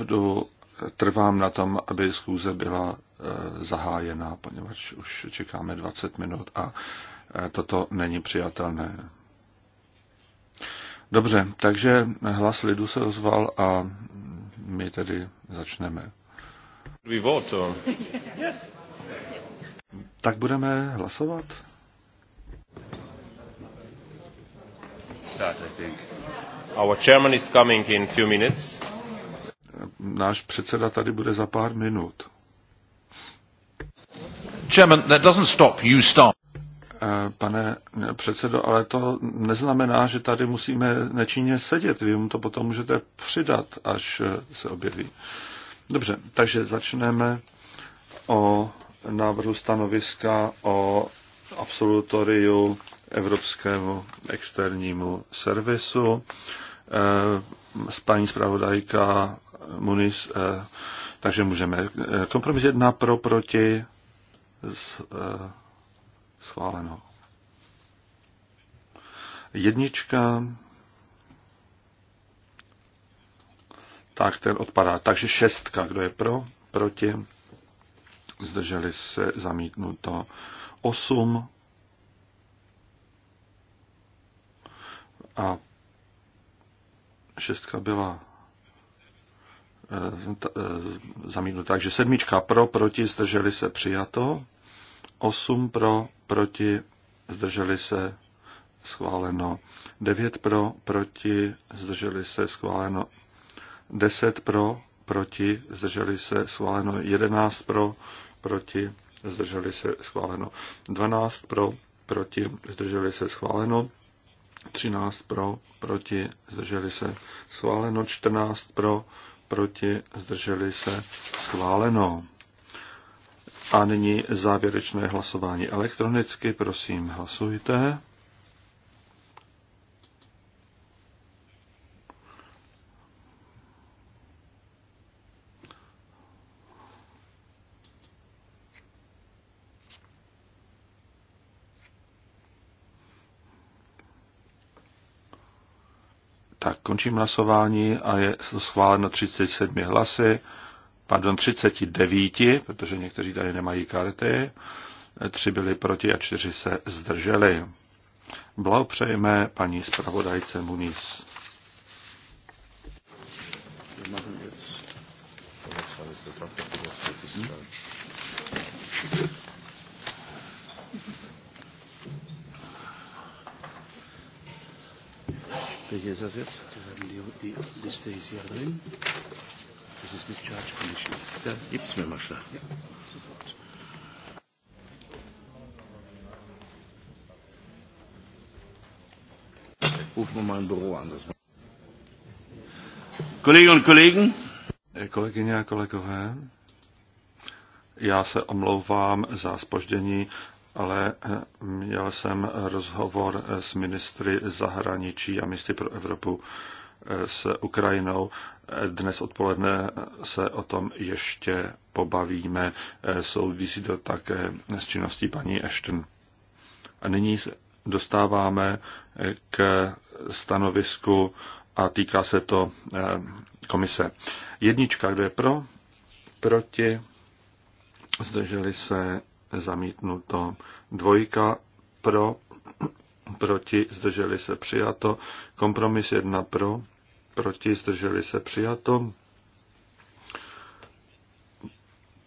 opravdu trvám na tom, aby schůze byla e, zahájena, poněvadž už čekáme 20 minut a e, toto není přijatelné. Dobře, takže hlas lidu se ozval a my tedy začneme. Tak budeme hlasovat? Our chairman is coming in few minutes náš předseda tady bude za pár minut. Chairman, that doesn't stop you stop. Eh, pane předsedo, ale to neznamená, že tady musíme nečinně sedět. Vy mu to potom můžete přidat, až eh, se objeví. Dobře, takže začneme o návrhu stanoviska o absolutoriu Evropskému externímu servisu. Eh, s paní zpravodajka Muniz, eh, takže můžeme. Eh, kompromis jedna pro, proti, eh, schváleno. Jednička, tak ten odpadá. Takže šestka, kdo je pro, proti, zdrželi se zamítnuto. Osm a šestka byla Eh, eh, zamítnut. Takže sedmička pro, proti, zdrželi se přijato. Osm pro, proti, zdrželi se schváleno. Devět pro, proti, zdrželi se schváleno. Deset pro, proti, zdrželi se schváleno. Jedenáct pro, proti, zdrželi se schváleno. Dvanáct pro, proti, zdrželi se schváleno. 13 pro, proti, zdrželi se schváleno, 14 pro, proti, zdrželi se, schváleno. A nyní závěrečné hlasování elektronicky, prosím, hlasujte. Končím hlasování a je schváleno 37 hlasy, pardon, 39, protože někteří tady nemají karty, tři byli proti a čtyři se zdrželi. Blahopřejme paní zpravodajce Muniz. Thank hmm? you. Welche ist das jetzt? Die, die Liste hier Discharge gibt's mir mal Ja, sofort. mal Büro an. Das eh, Kolegyně a kolegové, já se omlouvám za spoždění ale eh, měl jsem rozhovor eh, s ministry zahraničí a ministry pro Evropu eh, s Ukrajinou. Dnes odpoledne se o tom ještě pobavíme. Souvisí to také s činností paní Ashton. A nyní dostáváme k stanovisku a týká se to komise. Jednička, kdo je pro, proti, zdrželi se zamítnuto. Dvojka pro, proti, zdrželi se přijato. Kompromis jedna pro, proti, zdrželi se přijato.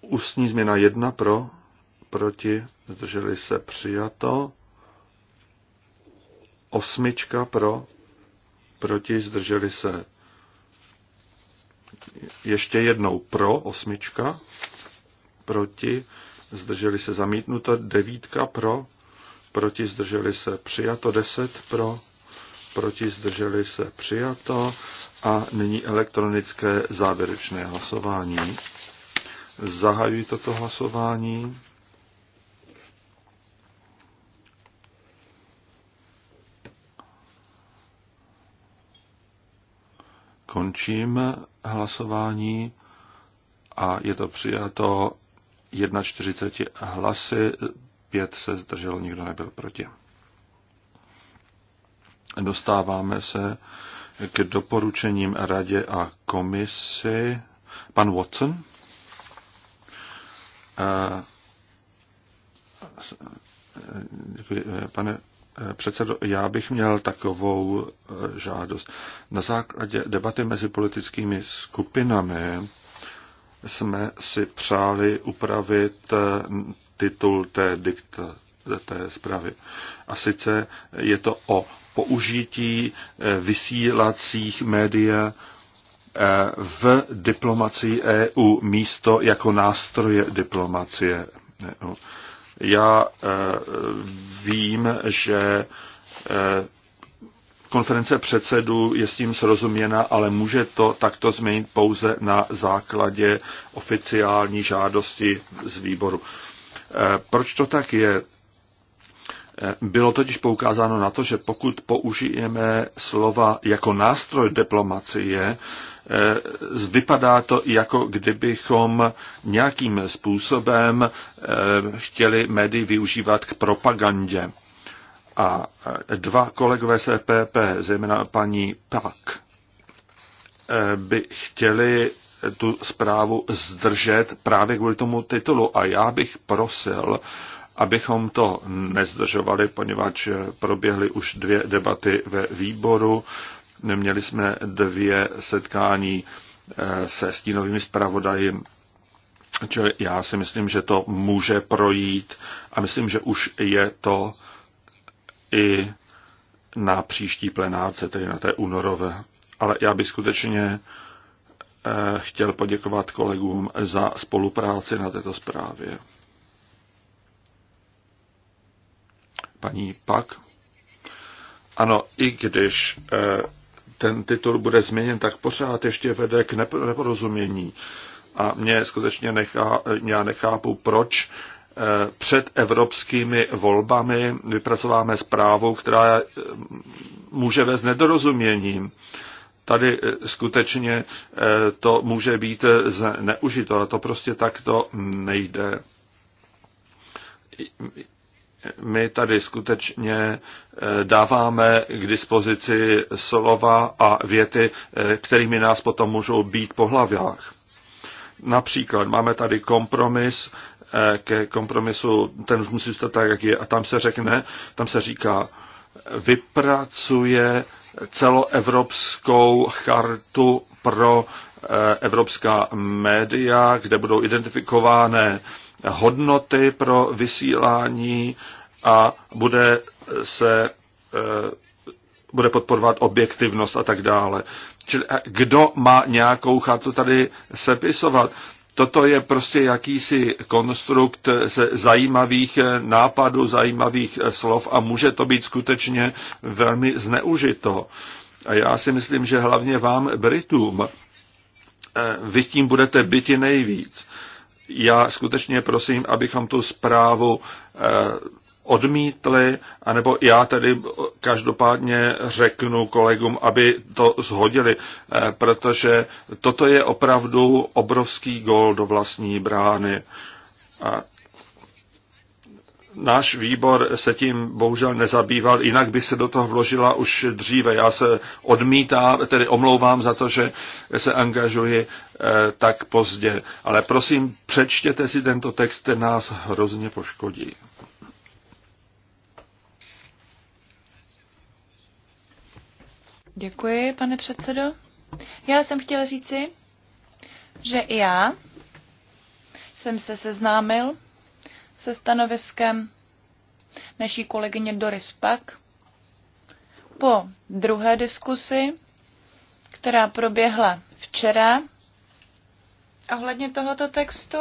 Ústní změna jedna pro, proti, zdrželi se přijato. Osmička pro, proti, zdrželi se ještě jednou pro, osmička, proti, zdrželi se zamítnuto, devítka pro, proti zdrželi se přijato, deset pro, proti zdrželi se přijato a nyní elektronické závěrečné hlasování. Zahajuji toto hlasování. Končím hlasování a je to přijato 41 hlasy, 5 se zdrželo, nikdo nebyl proti. Dostáváme se k doporučením radě a komisi. Pan Watson. Eh, eh, pane eh, předsedo, já bych měl takovou žádost. Na základě debaty mezi politickými skupinami jsme si přáli upravit eh, titul té, dikta, eh, té zprávy. A sice je to o použití eh, vysílacích média v diplomacii EU místo jako nástroje diplomacie EU. Já vím, že Konference předsedů je s tím srozuměna, ale může to takto změnit pouze na základě oficiální žádosti z výboru. Eh, proč to tak je? Eh, bylo totiž poukázáno na to, že pokud použijeme slova jako nástroj diplomacie, eh, vypadá to jako kdybychom nějakým způsobem chtěli médii využívat k propagandě. A dva kolegové z EPP, zejména paní Pak, eh, by chtěli tu zprávu zdržet právě kvůli tomu titulu. A já bych prosil, abychom to nezdržovali, poněvadž proběhly už dvě debaty ve výboru. Měli jsme dvě setkání eh, se stínovými zpravodaji. Čili já si myslím, že to může projít a myslím, že už je to i na příští plenárce, tedy na té únorové. Ale já bych skutečně eh, chtěl poděkovat kolegům za spolupráci na této zprávě. Paní Pak. Ano, i když eh, ten titul bude změněn, tak pořád ještě vede k neporozumění. A mě skutečně nechá, já nechápu, proč před evropskými volbami vypracováme zprávu, která eh, může vést nedorozuměním. Tady eh, skutečně eh, to může být zneužito a to prostě takto nejde. My tady skutečně dáváme k dispozici slova a věty, kterými nás potom můžou být po hlavách. Například máme tady kompromis ke kompromisu, ten už musí zůstat tak, jak je. A tam se řekne, tam se říká, vypracuje celoevropskou chartu pro eh, evropská média, kde budou identifikovány hodnoty pro vysílání a bude se eh, bude podporovat objektivnost a tak dále. Čili eh, kdo má nějakou chartu tady sepisovat? toto je prostě jakýsi konstrukt ze zajímavých nápadů, zajímavých eh, slov a může to být skutečně velmi zneužito. A já si myslím, že hlavně vám, Britům, eh, vy tím budete byti nejvíc. Já skutečně prosím, abychom tu zprávu eh, odmítli, anebo já tedy každopádně řeknu kolegům, aby to zhodili, eh, protože toto je opravdu obrovský gol do vlastní brány. A náš výbor se tím bohužel nezabýval, jinak by se do toho vložila už dříve. Já se odmítám, tedy omlouvám za to, že se angažuji eh, tak pozdě. Ale prosím, přečtěte si tento text, ten nás hrozně poškodí. Děkuji, pane předsedo. Já jsem chtěla říci, že i já jsem se seznámil se stanoviskem naší kolegyně Doris Pak po druhé diskusi, která proběhla včera ohledně tohoto textu.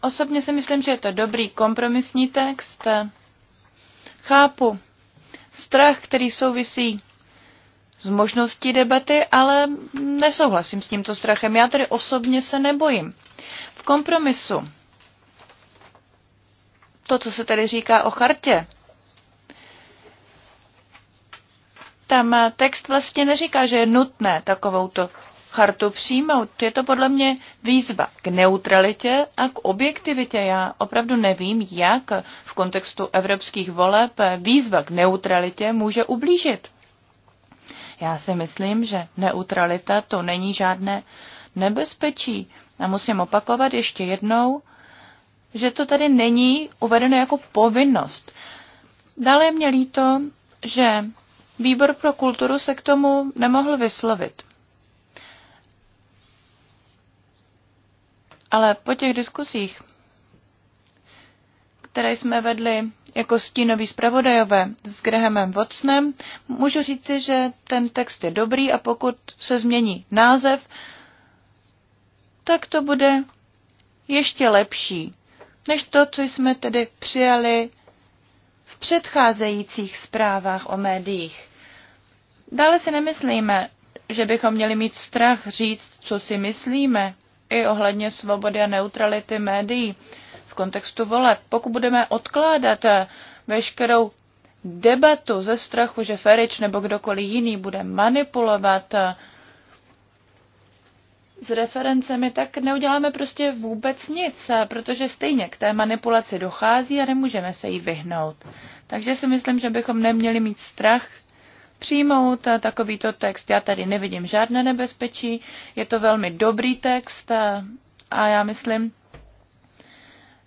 Osobně si myslím, že je to dobrý kompromisní text. Chápu strach, který souvisí s možností debaty, ale nesouhlasím s tímto strachem. Já tedy osobně se nebojím. V kompromisu to, co se tady říká o chartě, tam text vlastně neříká, že je nutné takovouto chartu přijmout. Je to podle mě výzva k neutralitě a k objektivitě. Já opravdu nevím, jak v kontextu evropských voleb výzva k neutralitě může ublížit. Já si myslím, že neutralita to není žádné nebezpečí. A musím opakovat ještě jednou, že to tady není uvedeno jako povinnost. Dále mě líto, že výbor pro kulturu se k tomu nemohl vyslovit. Ale po těch diskusích, které jsme vedli jako stínový zpravodajové s Grahamem Watsonem, můžu říci, že ten text je dobrý a pokud se změní název, tak to bude ještě lepší než to, co jsme tedy přijali v předcházejících zprávách o médiích. Dále si nemyslíme, že bychom měli mít strach říct, co si myslíme i ohledně svobody a neutrality médií v kontextu voleb. Pokud budeme odkládat eh, veškerou debatu ze strachu, že Ferič nebo kdokoliv jiný bude manipulovat eh, s referencemi, tak neuděláme prostě vůbec nic, eh, protože stejně k té manipulaci dochází a nemůžeme se jí vyhnout. Takže si myslím, že bychom neměli mít strach přijmout eh, takovýto text. Já tady nevidím žádné nebezpečí, je to velmi dobrý text eh, a já myslím,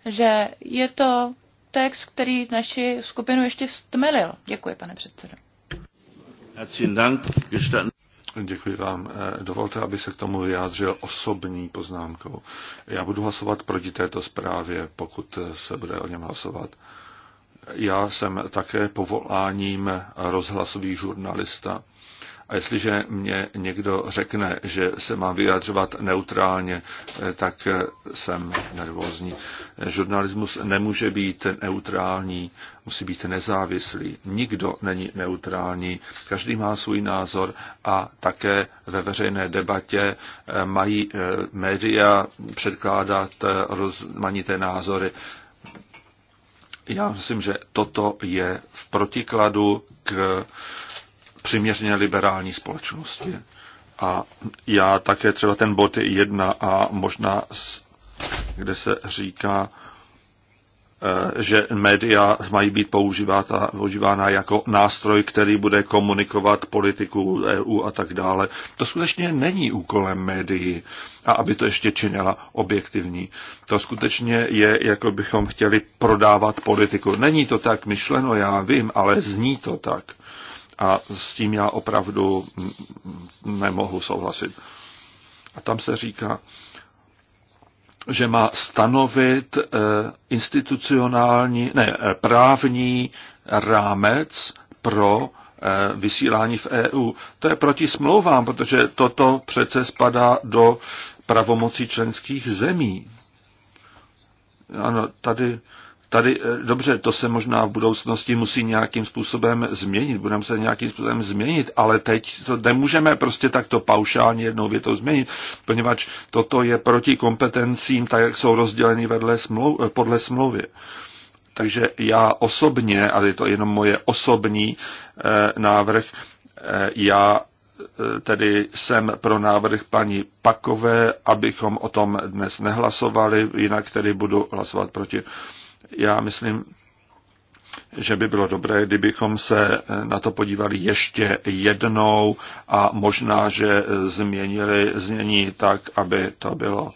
že je to text, který naši skupinu ještě stmelil. Děkuji, pane předsedo. Děkuji vám. Eh, dovolte, aby se k tomu vyjádřil osobní poznámkou. Já budu hlasovat proti této zprávě, pokud se bude o něm hlasovat já jsem také povoláním rozhlasový žurnalista. A jestliže mě někdo řekne, že se mám vyjadřovat neutrálně, eh, tak eh, jsem nervózní. Žurnalismus nemůže být neutrální, musí být nezávislý. Nikdo není neutrální, každý má svůj názor a také ve veřejné debatě eh, mají média předkládat rozmanité názory. Já myslím, že toto je v protikladu k přiměřeně liberální společnosti. A já také třeba ten bod jedna a možná, kde se říká, Eh, že média mají být používána, jako nástroj, který bude komunikovat politiku EU a tak dále. To skutečně není úkolem médií. A aby to ještě činila objektivní. To skutečně je, jako bychom chtěli prodávat politiku. Není to tak myšleno, já vím, ale zní to tak. A s tím já opravdu nemohu souhlasit. A tam se říká, že má stanovit eh, institucionální, ne, eh, právní rámec pro eh, vysílání v EU. To je proti smlouvám, protože toto přece spadá do pravomocí členských zemí. Ano, tady Tady, eh, dobře, to se možná v budoucnosti musí nějakým způsobem změnit, budeme se nějakým způsobem změnit, ale teď to nemůžeme prostě takto paušálně jednou větou změnit, poněvadž toto je proti kompetencím, tak jak jsou rozděleny vedle smlou, eh, podle smlouvy. Takže já osobně, ale je to jenom moje osobní eh, návrh, eh, já eh, tedy jsem pro návrh paní Pakové, abychom o tom dnes nehlasovali, jinak tedy budu hlasovat proti. Eh, já myslím, že by bylo dobré, kdybychom se na to podívali ještě jednou a možná, že změnili znění tak, aby to bylo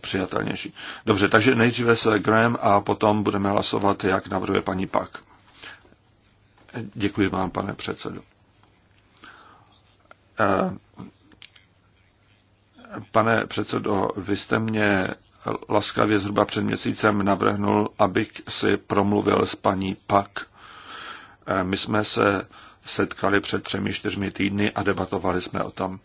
přijatelnější. Dobře, takže nejdříve se Graham a potom budeme hlasovat, jak navrhuje paní Pak. Děkuji vám, pane předsedo. Eh, pane předsedo, vy jste mě laskavě zhruba před měsícem navrhnul, abych si promluvil s paní Pak. Eh, my jsme se setkali před třemi, čtyřmi týdny a debatovali jsme o tom.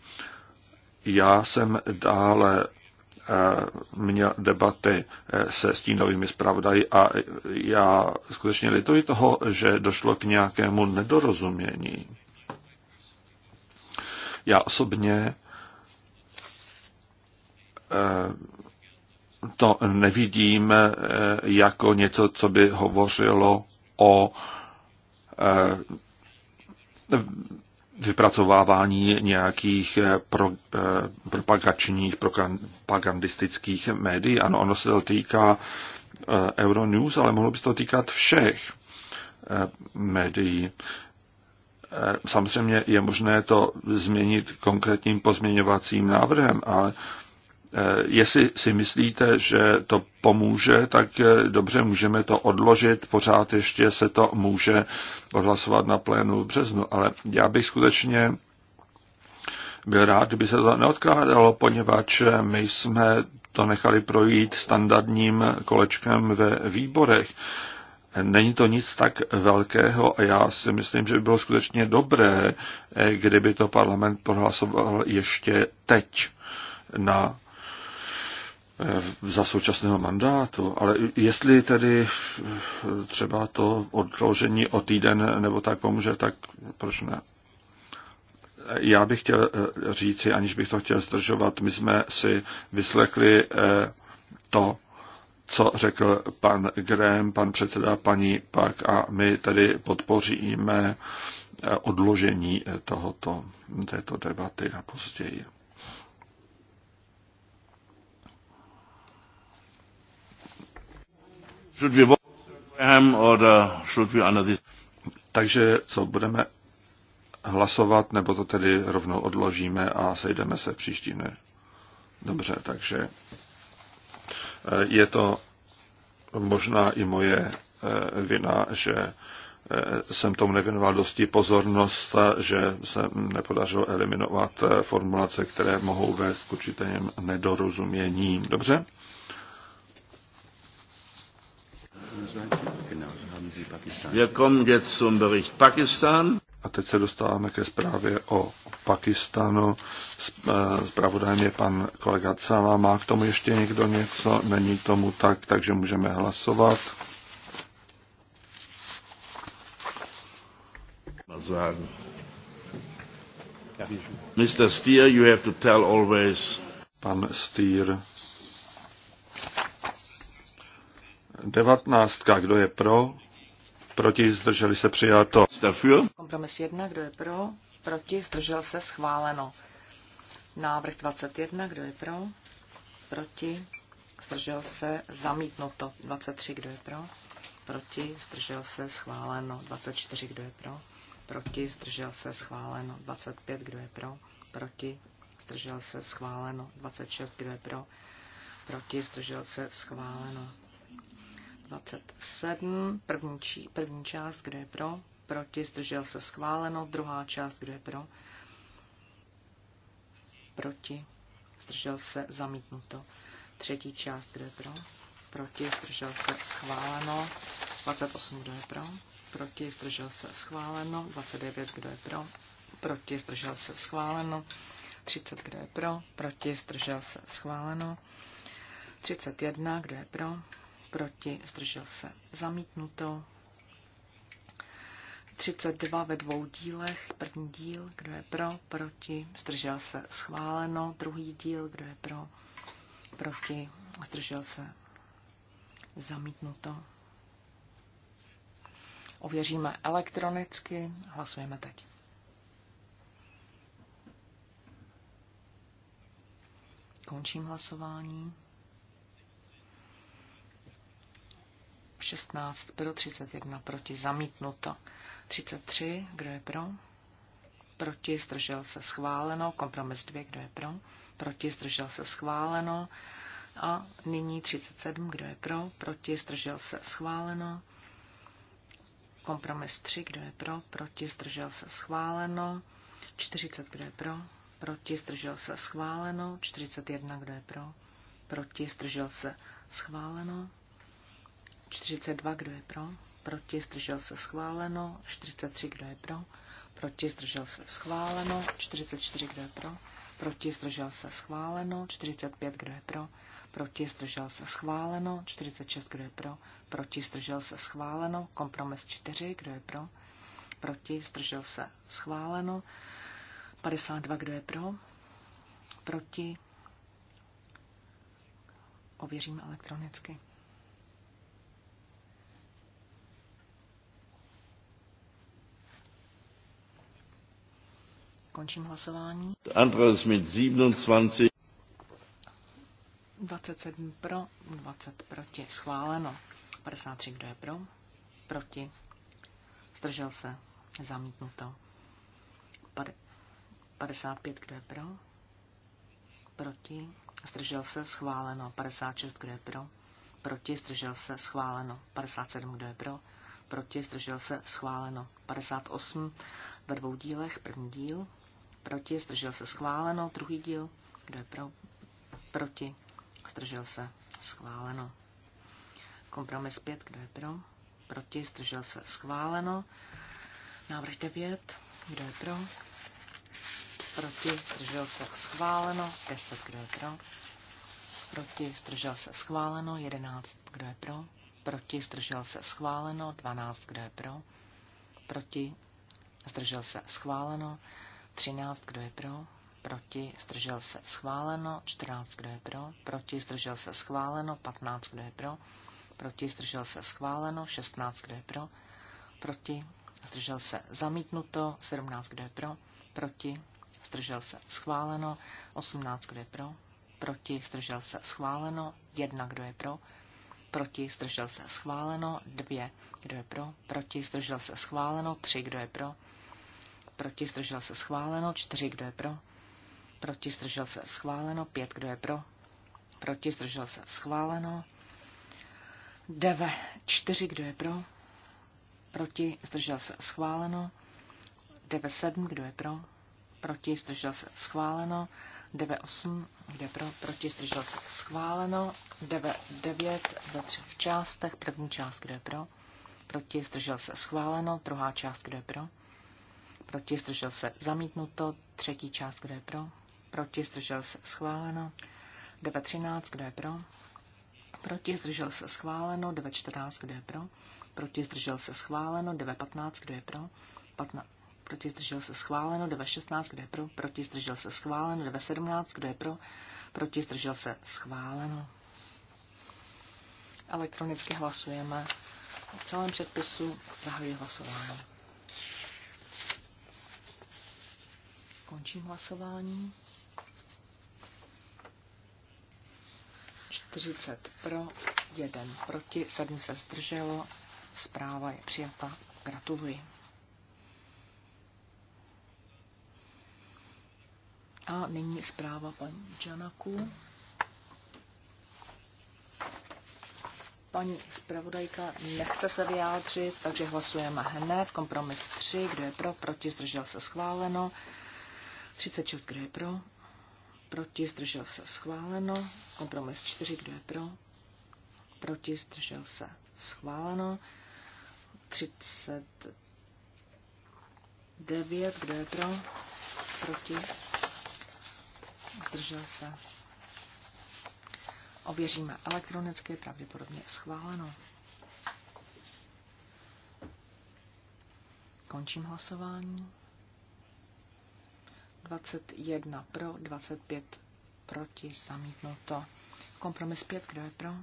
Já jsem dále eh, měl debaty eh, se stínovými zpravodaji a já skutečně lituji toho, že došlo k nějakému nedorozumění. Já osobně to nevidím eh, jako něco, co by hovořilo o eh, vypracovávání nějakých eh, pro, propagačních, propagandistických médií. Ano, ono se to týká Euronews, ale mohlo by se to týkat všech médií. Samozřejmě je možné to změnit konkrétním pozměňovacím návrhem, ale Eh, jestli si myslíte, že to pomůže, tak eh, dobře můžeme to odložit, pořád ještě se to může odhlasovat na plénu v březnu, ale já bych skutečně byl rád, kdyby se to neodkládalo, poněvadž my jsme to nechali projít standardním kolečkem ve výborech. Není to nic tak velkého a já si myslím, že by bylo skutečně dobré, eh, kdyby to parlament prohlasoval ještě teď na za současného mandátu, ale jestli tedy třeba to odložení o týden nebo tak pomůže, tak proč ne? Já bych chtěl eh, říci, aniž bych to chtěl zdržovat, my jsme si vyslechli eh, to, co řekl pan Graham, pan předseda, paní Pak a my tedy podpoříme eh, odložení tohoto, této debaty na později. Takže co budeme hlasovat, nebo to tedy rovnou odložíme a sejdeme se příští dne. Dobře, takže eh, je to možná i moje eh, vina, že eh, jsem tomu nevěnoval dosti pozornost, že se nepodařilo eliminovat formulace, které mohou vést k určitým nedorozuměním. Dobře? Wir kommen jetzt zum Bericht Pakistan. A teď se dostáváme ke zprávě o Pakistanu. Eh, zpravodajem je pan kolega Cala. Má k tomu ještě někdo něco? Není tomu tak, takže můžeme hlasovat. Mr. Steer, you have to tell always. Pan Steer 19. Kdo je pro? Proti zdrželi se přijato. Kompromis 1. Kdo je pro? Proti zdržel se schváleno. Návrh 21. Kdo je pro? Proti zdržel se zamítnuto. 23. Kdo je pro? Proti zdržel se schváleno. 24. Kdo je pro? Proti zdržel se schváleno. 25. Kdo je pro? Proti zdržel se schváleno. 26. Kdo je pro? Proti zdržel se schváleno. 27, první, či, první část, kdo je pro, proti, zdržel se schváleno, druhá část, kdo je pro, proti, zdržel se zamítnuto, třetí část, kdo je pro, proti, zdržel se schváleno, 28, kdo je pro, proti, zdržel se schváleno, 29, kdo je pro, proti, zdržel se schváleno, 30, kdo je pro, proti, zdržel se schváleno, 31, kdo je pro, proti, zdržel se. Zamítnuto. 32 ve dvou dílech. První díl, kdo je pro, proti, zdržel se. Schváleno. Druhý díl, kdo je pro, proti, zdržel se. Zamítnuto. Ověříme elektronicky. Hlasujeme teď. Končím hlasování. 16 pro, 31 proti, zamítnuto. 33, kdo je pro? Proti, zdržel se schváleno. Kompromis 2, kdo je pro? Proti, zdržel se schváleno. A nyní 37, kdo je pro? Proti, zdržel se schváleno. Kompromis 3, kdo je pro? Proti, zdržel se schváleno. 40, kdo je pro? Proti, zdržel se schváleno. 41, kdo je pro? Proti, zdržel se schváleno. 42, kdo je pro? Proti, zdržel se schváleno. 43, kdo je pro? Proti, zdržel se schváleno. 44, kdo je pro? Proti, zdržel se schváleno. 45, kdo je pro? Proti, zdržel se schváleno. 46, kdo je pro? Proti, zdržel se schváleno. Kompromis 4, kdo je pro? Proti, zdržel se schváleno. 52, kdo je pro? Proti, ověříme elektronicky. Končím hlasování. Andres mit 27. 27 pro, 20 proti. Schváleno. 53, kdo je pro? Proti. Zdržel se. Zamítnuto. 55, kdo je pro? Proti. Zdržel se. Schváleno. 56, kdo je pro? Proti. Zdržel se. Schváleno. 57, kdo je pro? Proti. Zdržel se. Schváleno. 58 ve dvou dílech. První díl proti, zdržel se schváleno, druhý díl, kdo je pro, proti, zdržel se schváleno. Kompromis 5, kdo je pro, proti, zdržel se schváleno. Návrh 9, kdo je pro, proti, zdržel se schváleno, 10, kdo je pro, proti, zdržel se schváleno, 11, kdo je pro, proti, zdržel se schváleno, 12, kdo je pro, proti, zdržel se schváleno, 13, kdo je pro, proti, zdržel se schváleno, 14, kdo je pro, proti, zdržel se schváleno, 15, kdo je pro, proti, zdržel se schváleno, 16, kdo je pro, proti, zdržel se zamítnuto, 17, kdo je pro, proti, zdržel se schváleno, 18, kdo je pro, proti, zdržel se schváleno, 1, kdo je pro, proti, zdržel se schváleno, 2, kdo je pro, proti, zdržel se schváleno, 3, kdo je pro, proti, zdržel se schváleno, čtyři, kdo je pro, proti, zdržel se schváleno, pět, kdo je pro, proti, zdržel se schváleno, Deve. čtyři, kdo je pro, proti, zdržel se schváleno, Deve sedm, kdo je pro, proti, zdržel se schváleno, osm, kdo je pro, proti, zdržel se schváleno, devět ve třech částech, první část, kdo je pro, proti, zdržel se schváleno, druhá část, kdo je pro, proti, zdržel se, zamítnuto, třetí část, kdo je pro, proti, zdržel se, schváleno, 9.13, kdo je pro, proti, zdržel se, schváleno, 9.14, kdo je pro, proti, zdržel se, schváleno, 9.15, kdo je pro, 15, proti, zdržel se, schváleno, 9.16, kdo je pro, proti, zdržel se, schváleno, 9.17, kdo je pro, proti, zdržel se, schváleno. Elektronicky hlasujeme V celém předpisu, zahajuji hlasování. Končím hlasování. 40 pro, 1 proti, 7 se zdrželo. Zpráva je přijata. Gratuluji. A nyní zpráva paní Janaku. Paní zpravodajka nechce se vyjádřit, takže hlasujeme hned. Kompromis 3, kdo je pro, proti, zdržel se schváleno. 36, kdo je pro? Proti, zdržel se, schváleno. Kompromis 4, kdo je pro? Proti, zdržel se, schváleno. 39, kdo je pro? Proti, zdržel se. Ověříme elektronicky, pravděpodobně schváleno. Končím hlasování. 21 pro, 25 proti, zamítnuto. Kompromis 5, kdo je pro?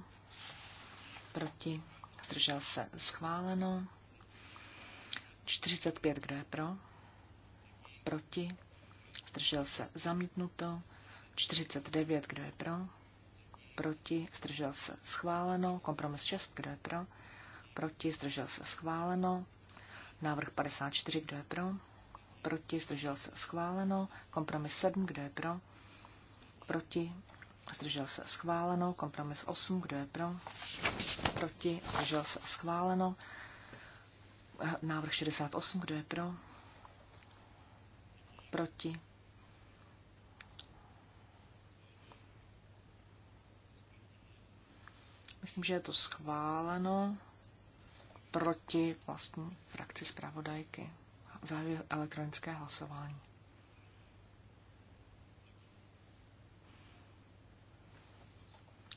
Proti, zdržel se, schváleno. 45, kdo je pro? Proti, zdržel se, zamítnuto. 49, kdo je pro? Proti, zdržel se, schváleno. Kompromis 6, kdo je pro? Proti, zdržel se, schváleno. Návrh 54, kdo je pro? proti, zdržel se schváleno, kompromis 7, kdo je pro, proti, zdržel se schváleno, kompromis 8, kdo je pro, proti, zdržel se schváleno, návrh 68, kdo je pro, proti, Myslím, že je to schváleno proti vlastní frakci zpravodajky. Zahajuji elektronické hlasování.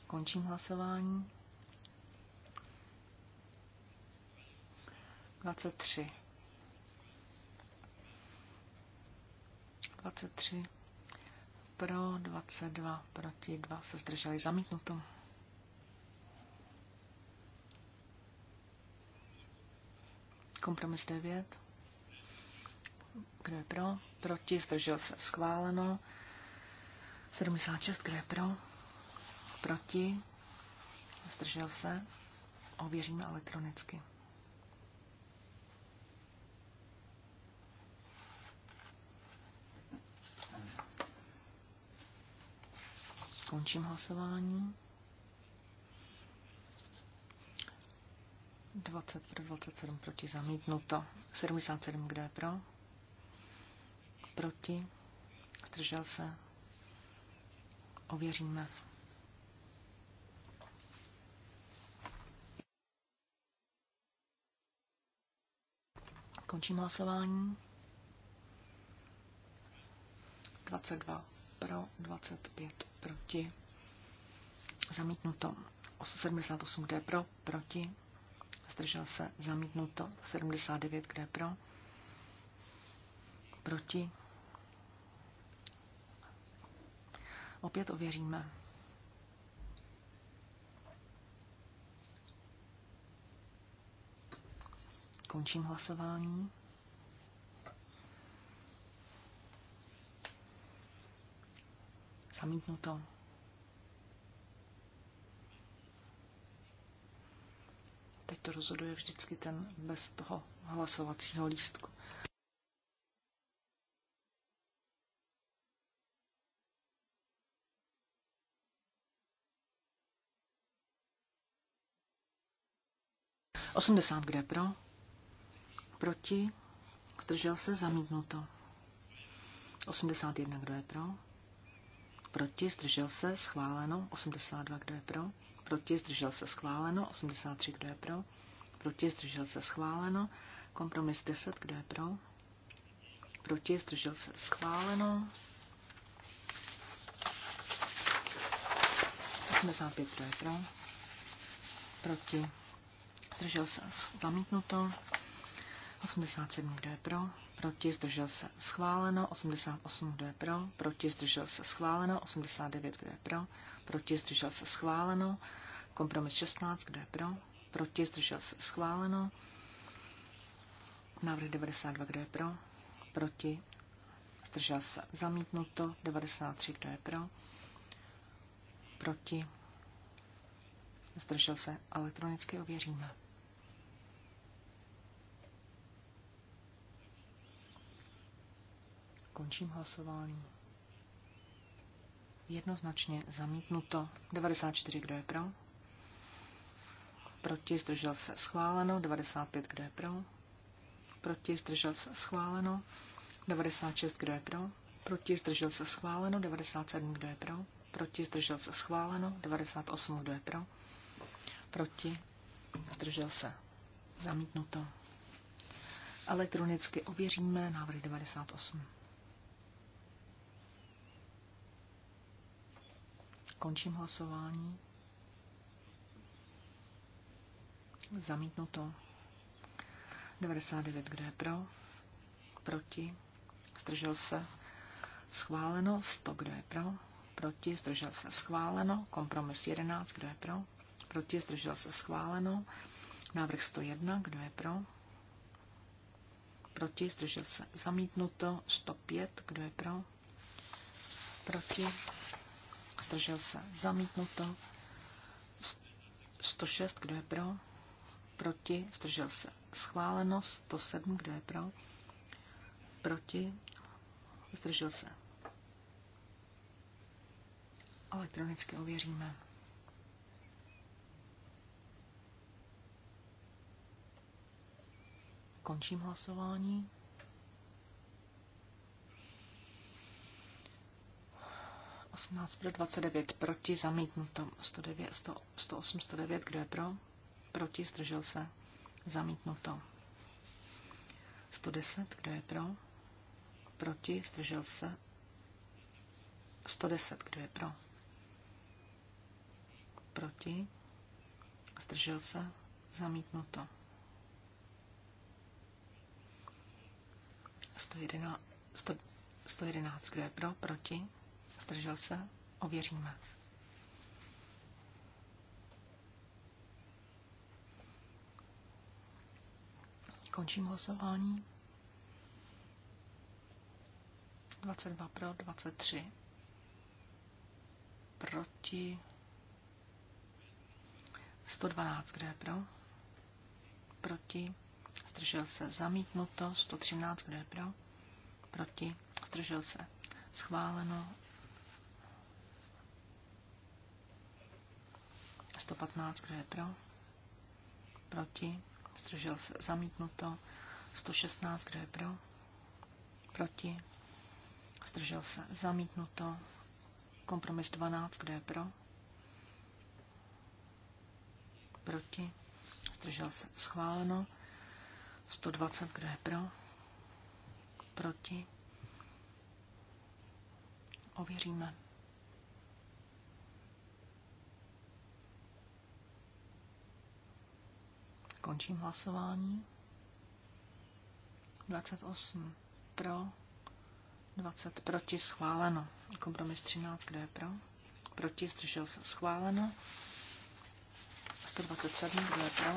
Končím hlasování. 23. 23 pro, 22 proti, 2 se zdrželi zamítnuto. Kompromis 9 kdo je pro, proti, zdržel se, schváleno. 76, kdo je pro, proti, zdržel se, ověříme elektronicky. Končím hlasování. 20 pro 27 proti zamítnuto. 77, kde je pro? proti, zdržel se, ověříme. Končím hlasování. 22 pro, 25 proti. Zamítnuto 78 kde pro, proti. Zdržel se zamítnuto 79 kde pro, proti. opět ověříme. Končím hlasování. Zamítnuto. Teď to rozhoduje vždycky ten bez toho hlasovacího lístku. 80, kde pro? Proti? Zdržel se? Zamítnuto. 81, kdo je pro? Proti? Zdržel se? Schváleno. 82, kdo je pro? Proti? Zdržel se? Schváleno. 83, kdo je pro? Proti? Zdržel se? Schváleno. Kompromis 10, kdo je pro? Proti? Zdržel se? Schváleno. 85, kdo je pro? Proti? zdržel se zamítnuto, 87, kdo je pro, proti, zdržel se schváleno, 88, kdo je pro, proti, zdržel se schváleno, 89, kdo je pro, proti, zdržel se schváleno, kompromis 16, kdo je pro, proti, zdržel se schváleno, návrh 92, kdo je pro, proti, zdržel se zamítnuto, 93, kdo je pro, proti, zdržel se, elektronicky ověříme. Končím hlasování. Jednoznačně zamítnuto. 94, kdo je pro? Proti, zdržel se schváleno. 95, kdo je pro? Proti, zdržel se schváleno. 96, kdo je pro? Proti, zdržel se schváleno. 97, kdo je pro? Proti, zdržel se schváleno. 98, kdo je pro? Proti, zdržel se. Zamítnuto. Elektronicky ověříme návrh 98. Končím hlasování. Zamítnuto. 99, kde je pro? Proti. Zdržel se. Schváleno. 100, kdo je pro? Proti. Zdržel se. Schváleno. Kompromis 11, kdo je pro? Proti. Zdržel se. Schváleno. Návrh 101, kdo je pro? Proti. Zdržel se. Zamítnuto. 105, kdo je pro? Proti zdržel se, zamítnuto. 106, kdo je pro, proti, zdržel se, schváleno. 107, kdo je pro, proti, zdržel se. Elektronicky ověříme. Končím hlasování. 18 pro 29 proti, zamítnuto 109, 100, 108, 109, kdo je pro, proti, zdržel se, zamítnuto 110, kdo je pro, proti, zdržel se, 110, kdo je pro, proti, zdržel se, zamítnuto 111, 100, 111 kdo je pro, proti, zdržel se, ověříme. Končím hlasování. 22 pro, 23 proti, 112, kde je pro, proti, zdržel se, zamítnuto, 113, kde je pro, proti, zdržel se, schváleno, 115, kdo je pro? Proti? Zdržel se zamítnuto. 116, kdo je pro? Proti? Zdržel se zamítnuto. Kompromis 12, kdo je pro? Proti? Zdržel se schváleno. 120, kdo je pro? Proti? Ověříme. Končím hlasování. 28 pro, 20 proti, schváleno. Kompromis 13, kdo je pro? Proti, zdržel se, schváleno. 127, kdo je pro?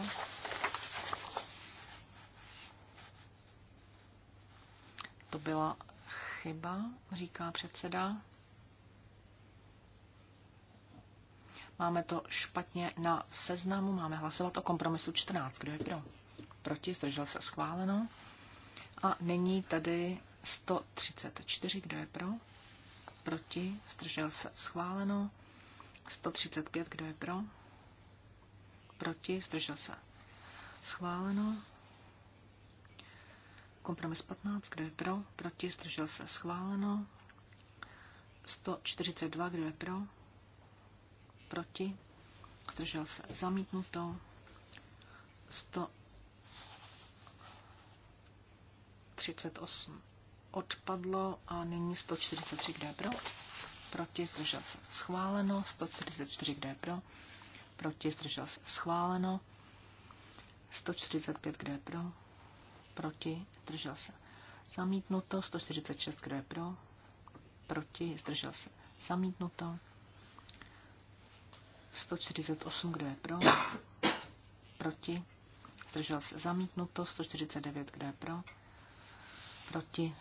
To byla chyba, říká předseda. Máme to špatně na seznamu. Máme hlasovat o kompromisu 14. Kdo je pro? Proti? Zdržel se schváleno. A nyní tady 134. Kdo je pro? Proti? Zdržel se schváleno. 135. Kdo je pro? Proti? Zdržel se schváleno. Kompromis 15. Kdo je pro? Proti? Zdržel se schváleno. 142. Kdo je pro? proti, zdržel se zamítnuto, 138 odpadlo a nyní 143, kde je pro, proti, zdržel se schváleno, 144, kde je pro, proti, zdržel se schváleno, 145, kde je pro, proti, zdržel se zamítnuto, 146, kde je pro, proti, zdržel se zamítnuto, 148, kdo je pro? Proti? Zdržel se zamítnuto. 149, kdo je pro? Proti?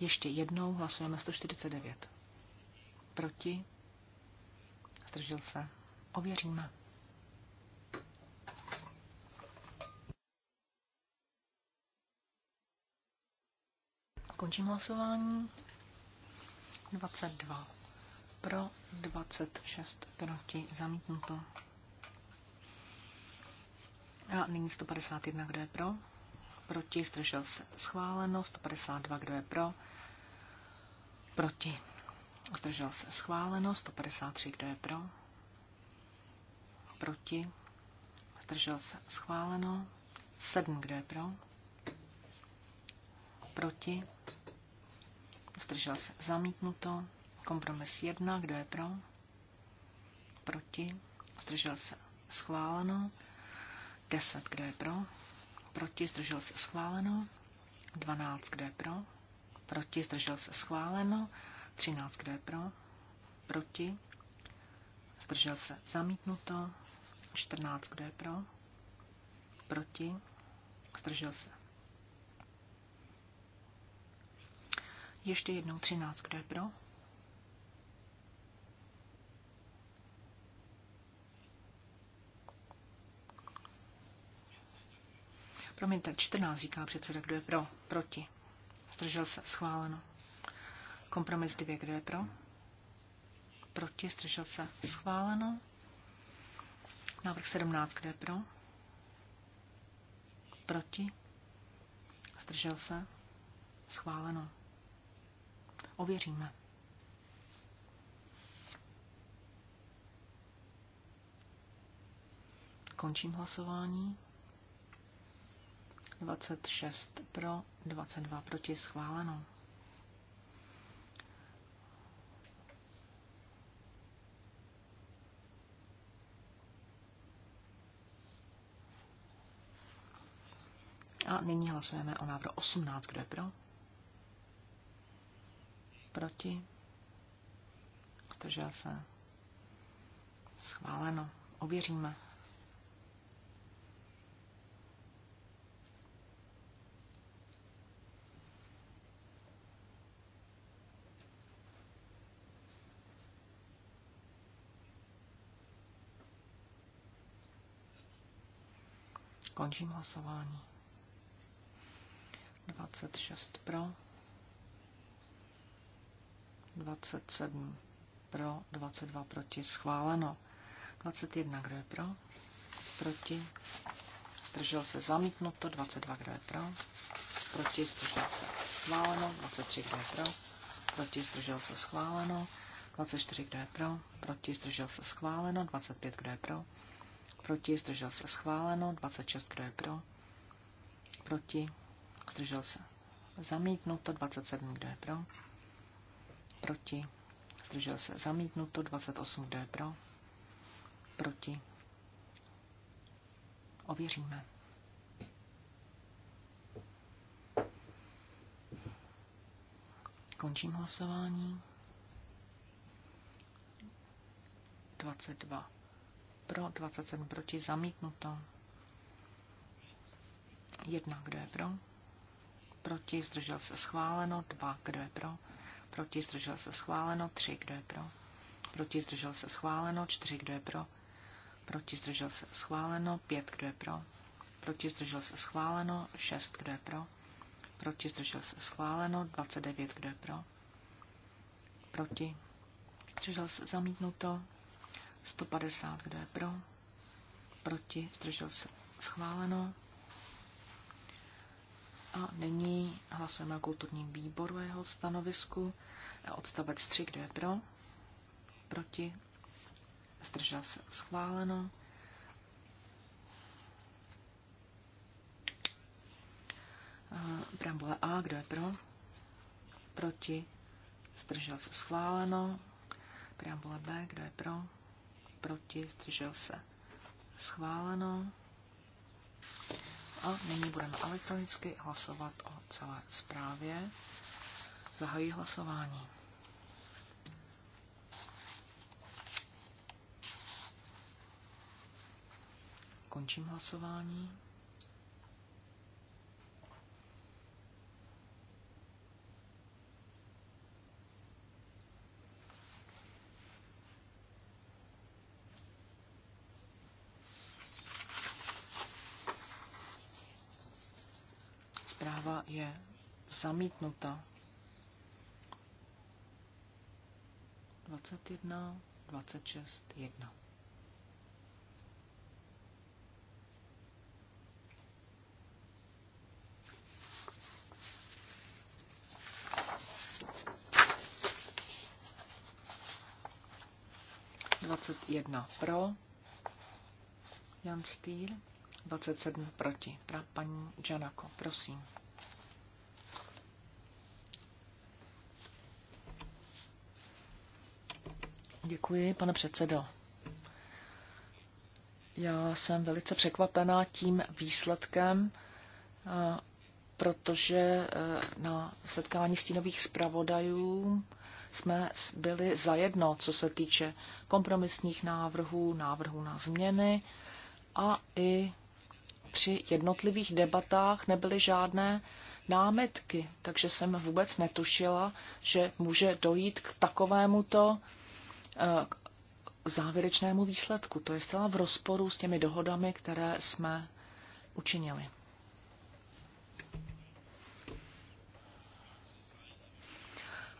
Ještě jednou hlasujeme 149. Proti? Zdržel se. Ověříme. Končím hlasování. 22 pro, 26 proti, zamítnuto. A nyní 151, kdo je pro, proti, zdržel se schváleno, 152, kdo je pro, proti, zdržel se schváleno, 153, kdo je pro, proti, zdržel se schváleno, 7, kdo je pro, proti, zdržel se zamítnuto, Kompromis 1, kdo je pro? Proti? Zdržel se schváleno. 10, kdo je pro? Proti? Zdržel se schváleno. 12, kdo je pro? Proti? Zdržel se schváleno. 13, kdo je pro? Proti? Zdržel se zamítnuto. 14, kdo je pro? Proti? Zdržel se. Ještě jednou 13, kdo je pro? Promiňte, 14, říká předseda, kdo je pro, proti. Zdržel se, schváleno. Kompromis 2, kdo je pro, proti, zdržel se, schváleno. Návrh 17, kdo je pro, proti, zdržel se, schváleno. Ověříme. Končím hlasování. 26 pro, 22 proti, schváleno. A nyní hlasujeme o návrhu 18. Kdo je pro? Proti? Zdržel se? Schváleno. Ověříme. Končím hlasování. 26 pro, 27 pro, 22 proti, schváleno. 21, kdo je pro, proti, zdržel se zamítnuto, 22, kdo je pro, proti, zdržel se schváleno, 23, kdo je pro, proti, zdržel se schváleno, 24, kdo je pro, proti, zdržel se schváleno, 25, kdo je pro, Proti, zdržel se schváleno. 26, kdo je pro? Proti, zdržel se zamítnuto. 27, kdo je pro? Proti, zdržel se zamítnuto. 28, kdo je pro? Proti. Ověříme. Končím hlasování. 22 pro, 27 proti, zamítnuto. 1, kdo je pro, proti, zdržel se schváleno, 2, kdo je pro, proti, zdržel se schváleno, 3, kdo je pro, proti, zdržel se schváleno, 4, kdo je pro, proti, zdržel se schváleno, 5, kdo je pro, proti, zdržel se schváleno, 6, kdo je pro, proti, zdržel se schváleno, 29, kdo je pro, proti, zdržel se zamítnuto, 150, kdo je pro, proti, zdržel se schváleno. A nyní hlasujeme o kulturním výboru jeho stanovisku. E, odstavec 3, kde je pro, proti, zdržel se schváleno. Brambole e, A, kdo je pro, proti, zdržel se schváleno. Preambule B, kdo je pro, proti, zdržel se. Schváleno. A nyní budeme elektronicky hlasovat o celé zprávě. Zahají hlasování. Končím hlasování. zamítnuta. 21, 26, 1. Dvacet jedna pro, Jan Stýl, 27 proti. Pra, paní Janako, prosím. Děkuji, pane předsedo. Já jsem velice překvapená tím výsledkem, protože e, na setkání stínových zpravodajů jsme byli zajedno, co se týče kompromisních návrhů, návrhů na změny a i při jednotlivých debatách nebyly žádné námitky, takže jsem vůbec netušila, že může dojít k takovémuto Eh, k závěrečnému výsledku. To je zcela v rozporu s těmi dohodami, které jsme učinili.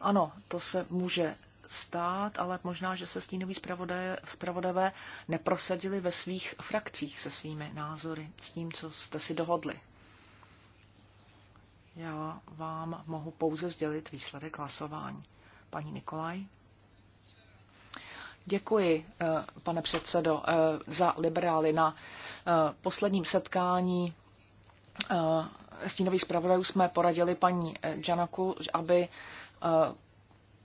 Ano, to se může stát, ale možná, že se stínoví zpravodavé neprosadili ve svých frakcích se svými názory, s tím, co jste si dohodli. Já vám mohu pouze sdělit výsledek hlasování. Paní Nikolaj? Děkuji, eh, pane předsedo, eh, za liberály. Na eh, posledním setkání stínových zpravodajů jsme poradili paní Janaku, aby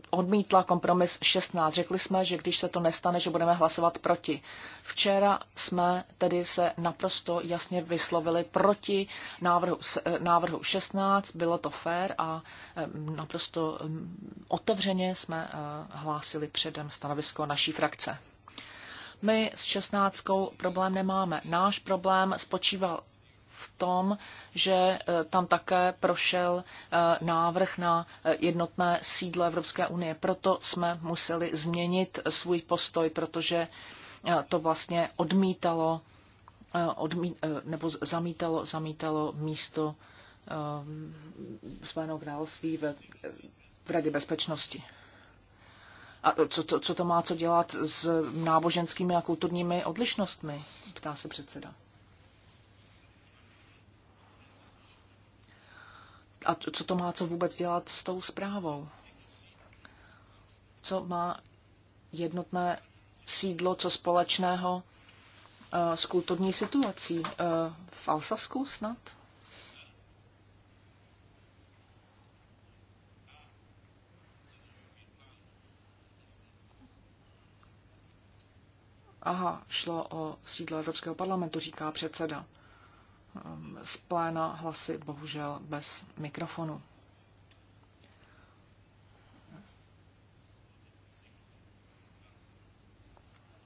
odmítla kompromis 16. Řekli jsme, že když se to nestane, že budeme hlasovat proti. Včera jsme tedy se naprosto jasně vyslovili proti návrhu, eh, návrhu 16, bylo to fér a eh, naprosto mm, otevřeně jsme eh, hlásili předem stanovisko naší frakce. My s 16 problém nemáme. Náš problém spočíval v tom, že e, tam také prošel e, návrh na e, jednotné sídlo Evropské unie. Proto jsme museli změnit svůj postoj, protože to vlastně odmítalo odmít, nebo zamítalo, zamítalo místo Spojeného království ve, v Radě bezpečnosti. A co to, co to má co dělat s náboženskými a kulturními odlišnostmi, ptá se předseda. a co to má co vůbec dělat s tou zprávou? Co má jednotné sídlo, co společného eh, s kulturní situací eh, v Alsasku snad? Aha, šlo o sídlo Evropského parlamentu, říká předseda z pléna hlasy bohužel bez mikrofonu.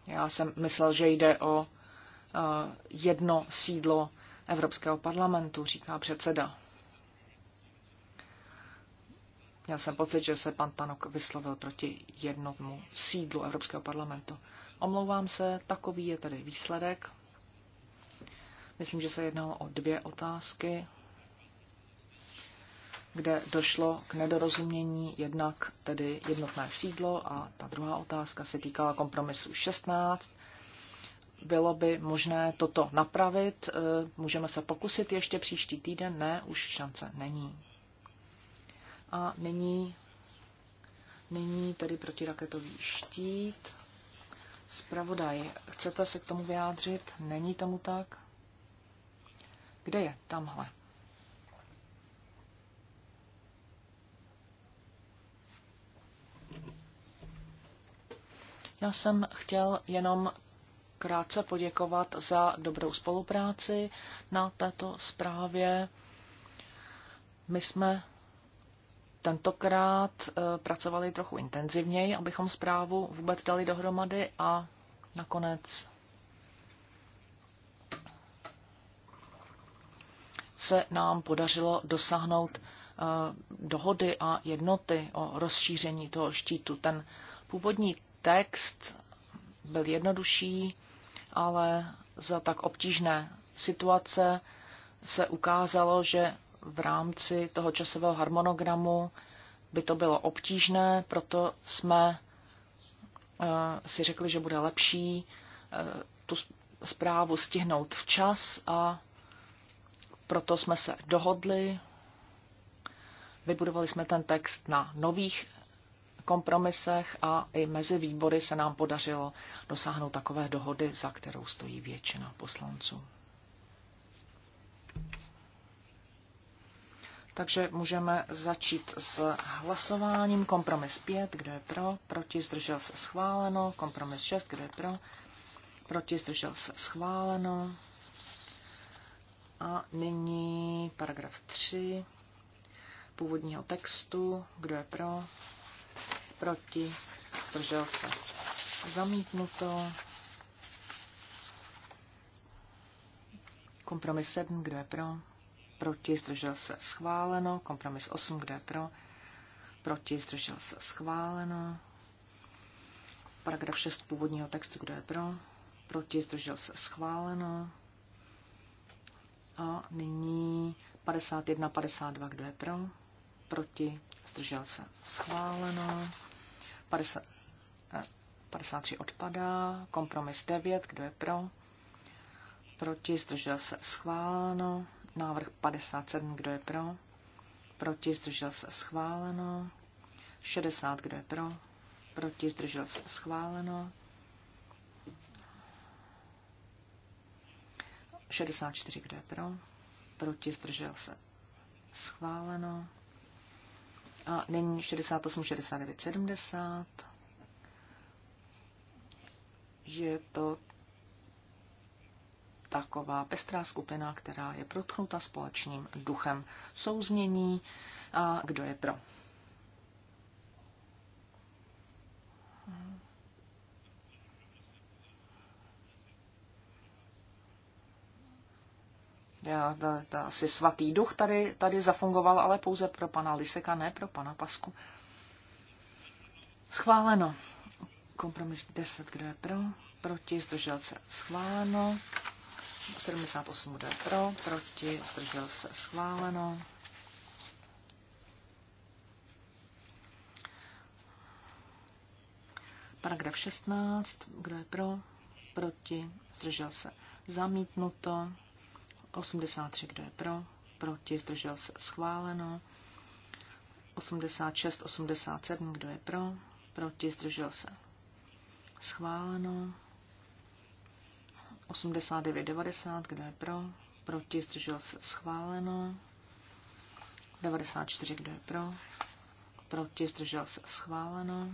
Já jsem myslel, že jde o eh, jedno sídlo Evropského parlamentu, říká předseda. Měl jsem pocit, že se pan Tanok vyslovil proti jednotnému sídlu Evropského parlamentu. Omlouvám se, takový je tedy výsledek. Myslím, že se jednalo o dvě otázky, kde došlo k nedorozumění jednak tedy jednotné sídlo a ta druhá otázka se týkala kompromisu 16. Bylo by možné toto napravit? Eh, můžeme se pokusit ještě příští týden? Ne, už šance není. A nyní, nyní tedy protiraketový štít. Spravodaj, chcete se k tomu vyjádřit? Není tomu tak? Kde je? Tamhle. Já jsem chtěl jenom krátce poděkovat za dobrou spolupráci na této zprávě. My jsme tentokrát eh, pracovali trochu intenzivněji, abychom zprávu vůbec dali dohromady a nakonec se nám podařilo dosáhnout eh, dohody a jednoty o rozšíření toho štítu. Ten původní text byl jednodušší, ale za tak obtížné situace se ukázalo, že v rámci toho časového harmonogramu by to bylo obtížné, proto jsme eh, si řekli, že bude lepší eh, tu zprávu stihnout včas a proto jsme se dohodli, vybudovali jsme ten text na nových kompromisech a i mezi výbory se nám podařilo dosáhnout takové dohody, za kterou stojí většina poslanců. Takže můžeme začít s hlasováním. Kompromis 5, kdo je pro, proti, zdržel se schváleno. Kompromis 6, kdo je pro, proti, zdržel se schváleno. A nyní paragraf 3 původního textu. Kdo je pro? Proti? Zdržel se. Zamítnuto. Kompromis 7. Kdo je pro? Proti? Zdržel se. Schváleno. Kompromis 8. Kdo je pro? Proti? Zdržel se. Schváleno. Paragraf 6 původního textu. Kdo je pro? Proti? Zdržel se. Schváleno a nyní 51, 52, kdo je pro? Proti? Zdržel se? Schváleno. 50, 53 eh, odpadá. Kompromis 9, kdo je pro? Proti? Zdržel se? Schváleno. Návrh 57, kdo je pro? Proti? Zdržel se? Schváleno. 60, kdo je pro? Proti? Zdržel se? Schváleno. 64, kdo je pro? Proti, zdržel se. Schváleno. A nyní 68, 69, 70. Je to taková pestrá skupina, která je protchnuta společným duchem souznění. A kdo je pro? Já, ta, ta, asi svatý duch tady, tady zafungoval, ale pouze pro pana Liseka, ne pro pana Pasku. Schváleno. Kompromis 10, kdo je pro? Proti, zdržel se. Schváleno. 78, kdo je pro? Proti, zdržel se. Schváleno. Paragraf 16, kdo je pro? Proti, zdržel se. Zamítnuto. 83, kdo je pro, proti, zdržel se schváleno. 86, 87, kdo je pro, proti, zdržel se schváleno. 89, 90, kdo je pro, proti, zdržel se schváleno. 94, kdo je pro, proti, zdržel se schváleno.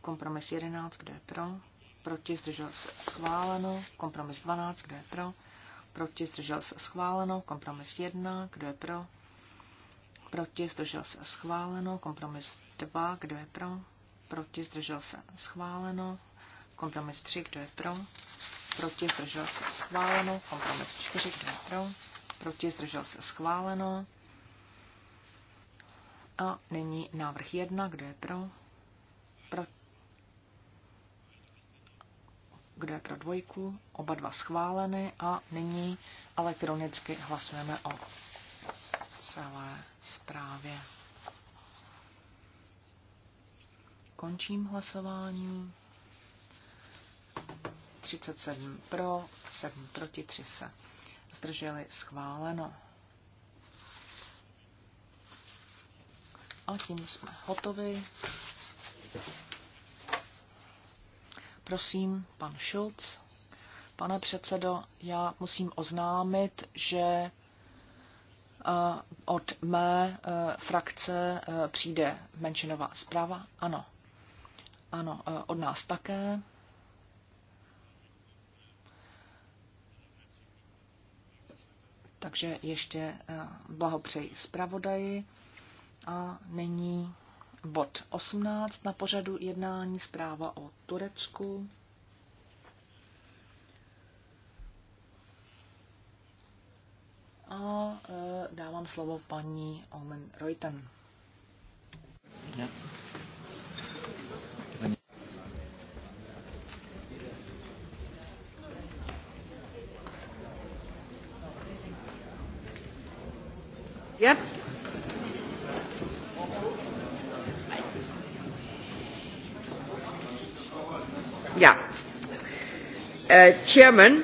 Kompromis 11, kdo je pro, proti, zdržel se schváleno, kompromis 12, kdo je pro, proti, zdržel se schváleno, kompromis 1, kdo je pro, proti, zdržel se schváleno, kompromis 2, kdo je pro, proti, zdržel se schváleno, kompromis 3, kdo je pro, proti, zdržel se schváleno, kompromis 4, kdo je pro, proti, zdržel se schváleno, a nyní návrh 1, kdo je pro, proti, kdo je pro dvojku? Oba dva schváleny a nyní elektronicky hlasujeme o celé zprávě. Končím hlasování. 37 pro, 7 proti, 3 se zdrželi schváleno. A tím jsme hotovi. Prosím, pan Šulc. Pane předsedo, já musím oznámit, že eh, od mé eh, frakce eh, přijde menšinová zpráva. Ano. Ano, od nás také. Takže ještě blahopřeji zpravodaji a nyní Bod 18 na pořadu jednání zpráva o Turecku. A e, dávám slovo paní Omen Reuten. Yeah. Yep. Uh,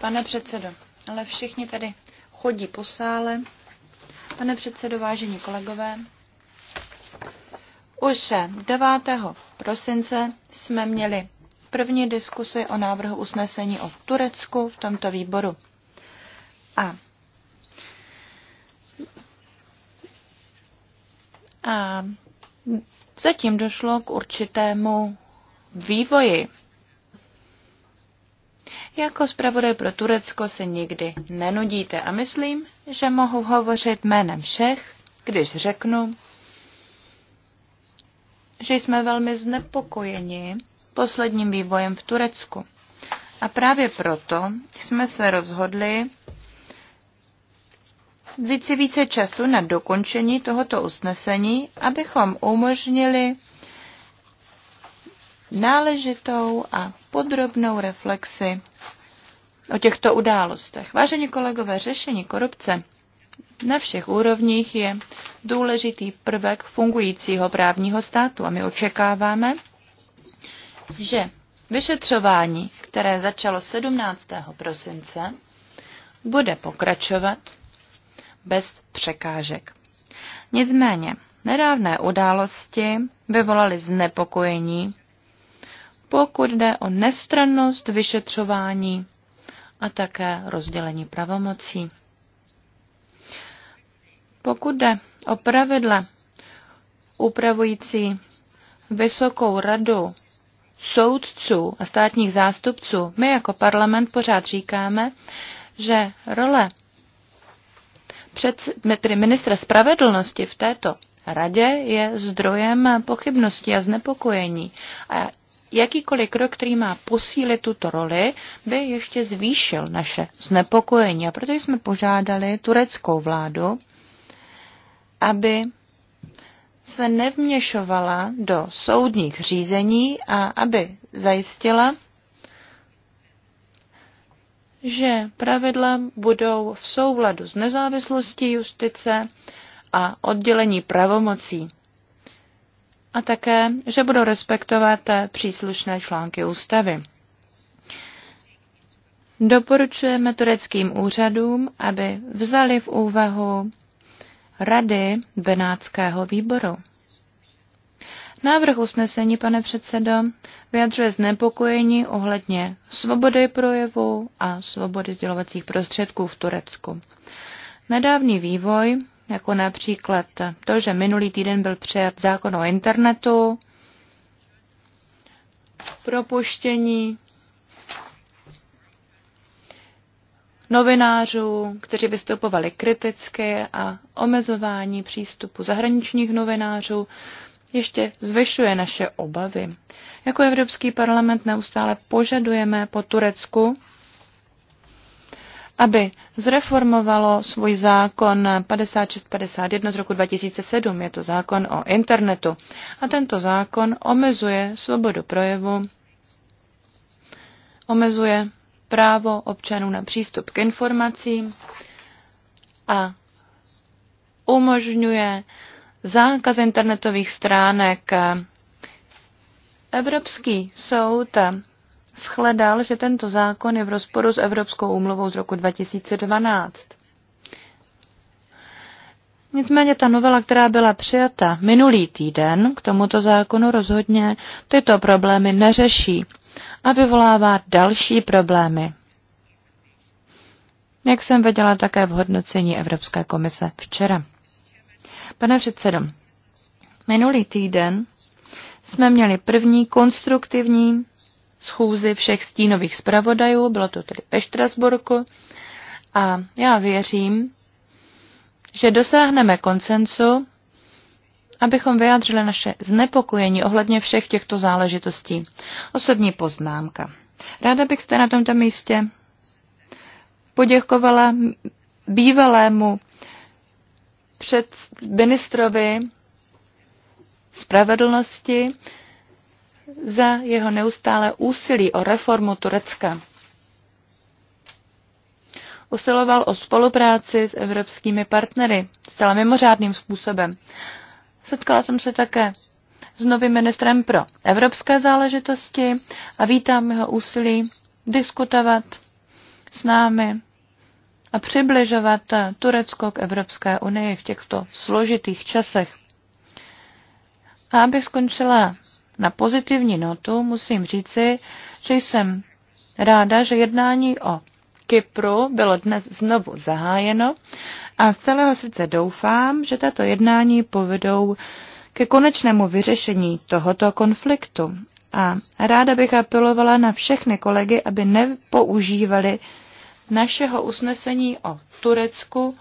Pane předsedo, ale všichni tady chodí po sále. Pane předsedo, vážení kolegové, už 9. prosince jsme měli první diskusi o návrhu usnesení o Turecku v tomto výboru. A, a zatím došlo k určitému vývoji jako zpravodaj pro Turecko se nikdy nenudíte a myslím, že mohu hovořit jménem všech, když řeknu, že jsme velmi znepokojeni posledním vývojem v Turecku. A právě proto jsme se rozhodli vzít si více času na dokončení tohoto usnesení, abychom umožnili náležitou a podrobnou reflexi o těchto událostech. Vážení kolegové, řešení korupce na všech úrovních je důležitý prvek fungujícího právního státu a my očekáváme, že vyšetřování, které začalo 17. prosince, bude pokračovat bez překážek. Nicméně, nedávné události vyvolaly znepokojení, pokud jde o nestrannost vyšetřování a také rozdělení pravomocí. Pokud jde o pravidla upravující Vysokou radu soudců a státních zástupců, my jako parlament pořád říkáme, že role před, ministra spravedlnosti v této radě je zdrojem pochybností a znepokojení. A jakýkoliv krok, který má posílit tuto roli, by ještě zvýšil naše znepokojení. A proto jsme požádali tureckou vládu, aby se nevměšovala do soudních řízení a aby zajistila, že pravidla budou v souladu s nezávislostí justice a oddělení pravomocí a také, že budou respektovat příslušné články ústavy. Doporučujeme tureckým úřadům, aby vzali v úvahu rady Benátského výboru. Návrh usnesení, pane předsedo, vyjadřuje znepokojení ohledně svobody projevu a svobody sdělovacích prostředků v Turecku. Nedávný vývoj jako například to, že minulý týden byl přijat zákon o internetu, propuštění novinářů, kteří vystupovali kriticky a omezování přístupu zahraničních novinářů ještě zvyšuje naše obavy. Jako Evropský parlament neustále požadujeme po Turecku, aby zreformovalo svůj zákon 5651 z roku 2007, je to zákon o internetu. A tento zákon omezuje svobodu projevu, omezuje právo občanů na přístup k informacím a umožňuje zákaz internetových stránek. Evropský soud shledal, že tento zákon je v rozporu s Evropskou úmluvou z roku 2012. Nicméně ta novela, která byla přijata minulý týden k tomuto zákonu, rozhodně tyto problémy neřeší a vyvolává další problémy. Jak jsem viděla také v hodnocení Evropské komise včera. Pane předsedo, minulý týden jsme měli první konstruktivní schůzi všech stínových zpravodajů, bylo to tedy ve Štrasburku, a já věřím, že dosáhneme koncensu, abychom vyjádřili naše znepokojení ohledně všech těchto záležitostí. Osobní poznámka. Ráda bych se na tomto místě poděkovala bývalému předministrovi spravedlnosti, za jeho neustále úsilí o reformu Turecka. Usiloval o spolupráci s evropskými partnery zcela mimořádným způsobem. Setkala jsem se také s novým ministrem pro evropské záležitosti a vítám jeho úsilí diskutovat s námi a přibližovat Turecko k Evropské unii v těchto složitých časech. A abych skončila na pozitivní notu musím říci, že jsem ráda, že jednání o Kypru bylo dnes znovu zahájeno a z celého srdce doufám, že tato jednání povedou ke konečnému vyřešení tohoto konfliktu. A ráda bych apelovala na všechny kolegy, aby nepoužívali našeho usnesení o Turecku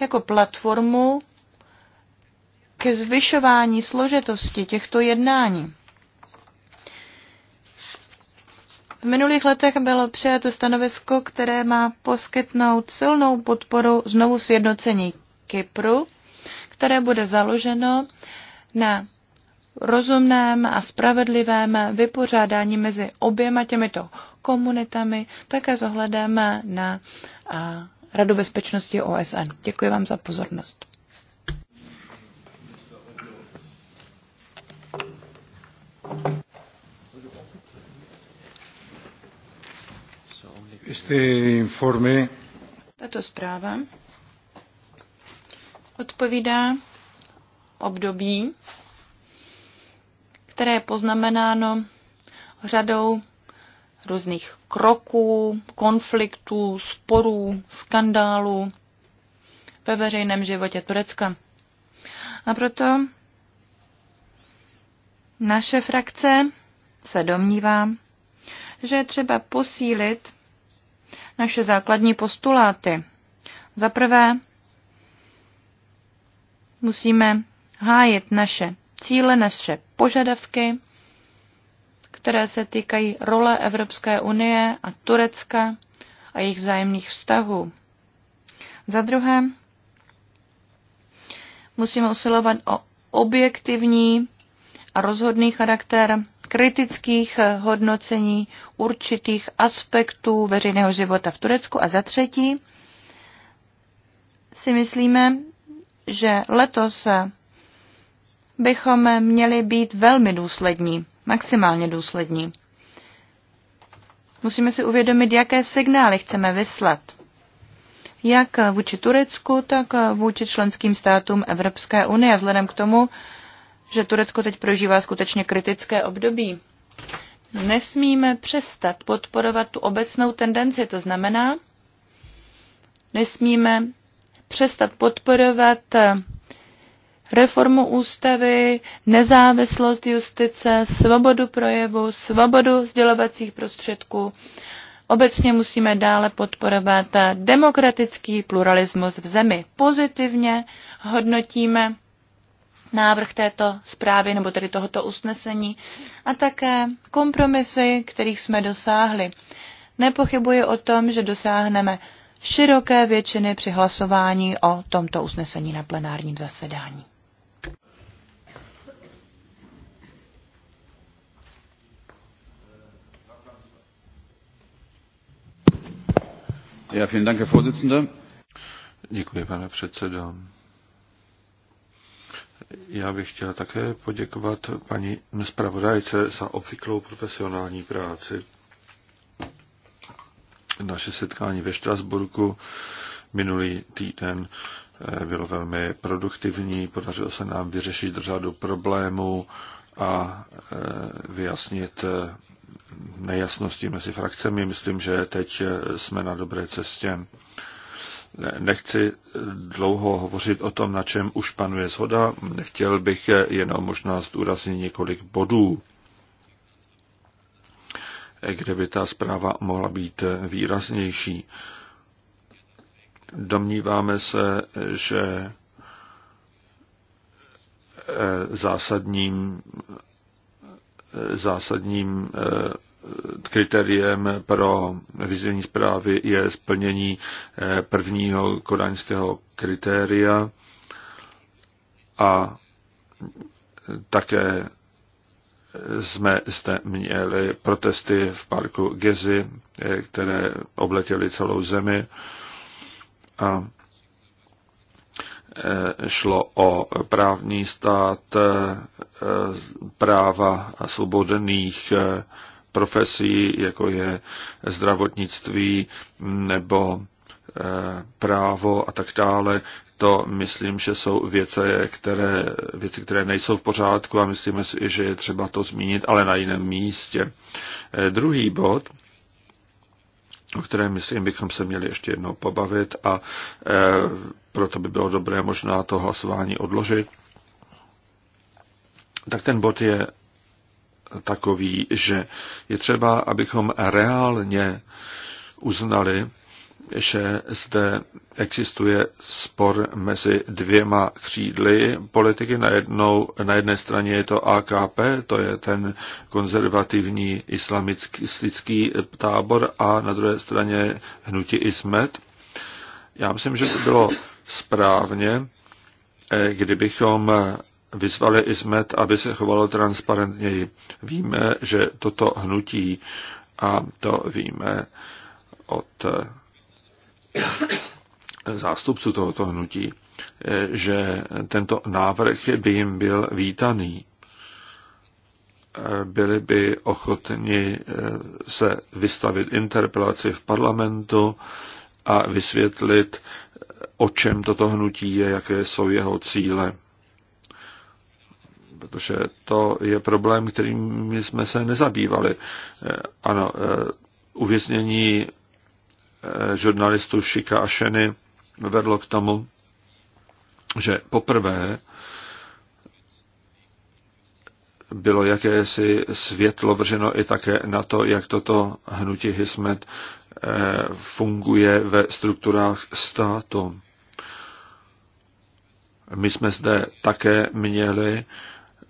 jako platformu ke zvyšování složitosti těchto jednání. V minulých letech bylo přijato stanovisko, které má poskytnout silnou podporu znovu sjednocení Kypru, které bude založeno na rozumném a spravedlivém vypořádání mezi oběma těmito komunitami, také s ohledem na Radu bezpečnosti OSN. Děkuji vám za pozornost. informe... Tato zpráva odpovídá období, které je poznamenáno řadou různých kroků, konfliktů, sporů, skandálů ve veřejném životě Turecka. A proto naše frakce se domnívá, že je třeba posílit naše základní postuláty. Za prvé, musíme hájit naše cíle, naše požadavky, které se týkají role Evropské unie a Turecka a jejich vzájemných vztahů. Za druhé, musíme usilovat o objektivní a rozhodný charakter kritických eh, hodnocení určitých aspektů veřejného života v Turecku. A za třetí si myslíme, že letos eh, bychom měli být velmi důslední, maximálně důslední. Musíme si uvědomit, jaké signály chceme vyslat. Jak vůči Turecku, tak vůči členským státům Evropské unie, vzhledem k tomu, že Turecko teď prožívá skutečně kritické období. Nesmíme přestat podporovat tu obecnou tendenci, to znamená, nesmíme přestat podporovat reformu ústavy, nezávislost justice, svobodu projevu, svobodu sdělovacích prostředků. Obecně musíme dále podporovat demokratický pluralismus v zemi. Pozitivně hodnotíme návrh této zprávy nebo tedy tohoto usnesení a také kompromisy, kterých jsme dosáhli. Nepochybuji o tom, že dosáhneme široké většiny při hlasování o tomto usnesení na plenárním zasedání. Ja, vielen Dank, Herr Vorsitzender. Děkuji, pane předsedo. Já bych chtěl také poděkovat paní zpravodajce za obvyklou profesionální práci. Naše setkání ve Štrasburku minulý týden eh, bylo velmi produktivní, podařilo se nám vyřešit řadu problémů a eh, vyjasnit eh, nejasnosti mezi frakcemi. Myslím, že teď jsme na dobré cestě. Nechci dlouho hovořit o tom, na čem už panuje zhoda. Chtěl bych jenom možná zdůraznit několik bodů, kde by ta zpráva mohla být výraznější. Domníváme se, že eh, zásadním, eh, zásadním eh, kritériem pro vizivní zprávy je splnění eh, prvního koraňského kritéria a také jsme zde měli protesty v parku Gezi, eh, které obletěly celou zemi a eh, šlo o právní stát, práva svobodných profesí, jako je zdravotnictví nebo eh, právo a tak dále, to myslím, že jsou věce, které, věci, které nejsou v pořádku a myslíme si, že je třeba to zmínit, ale na jiném místě. Eh, druhý bod, o kterém myslím, bychom se měli ještě jednou pobavit a eh, proto by bylo dobré možná to hlasování odložit, tak ten bod je takový, že je třeba, abychom reálně uznali, že zde existuje spor mezi dvěma křídly politiky. Na, jednou, na jedné straně je to AKP, to je ten konzervativní islamistický tábor, a na druhé straně hnutí Ismet. Já myslím, že to bylo správně, eh, kdybychom vyzvali zmet, aby se chovalo transparentněji. Víme, že toto hnutí, a to víme od eh, zástupců tohoto hnutí, eh, že tento návrh by jim byl vítaný. Eh, byli by ochotni se vystavit interpelaci v parlamentu a vysvětlit, o čem toto hnutí je, jaké jsou jeho cíle protože to je problém, kterým jsme se nezabývali. Eh, ano, eh, uvěznění eh, žurnalistů Šika a Šeny vedlo k tomu, že poprvé bylo jakési světlo vrženo i také na to, jak toto hnutí Hismet funguje ve strukturách státu. My jsme zde také měli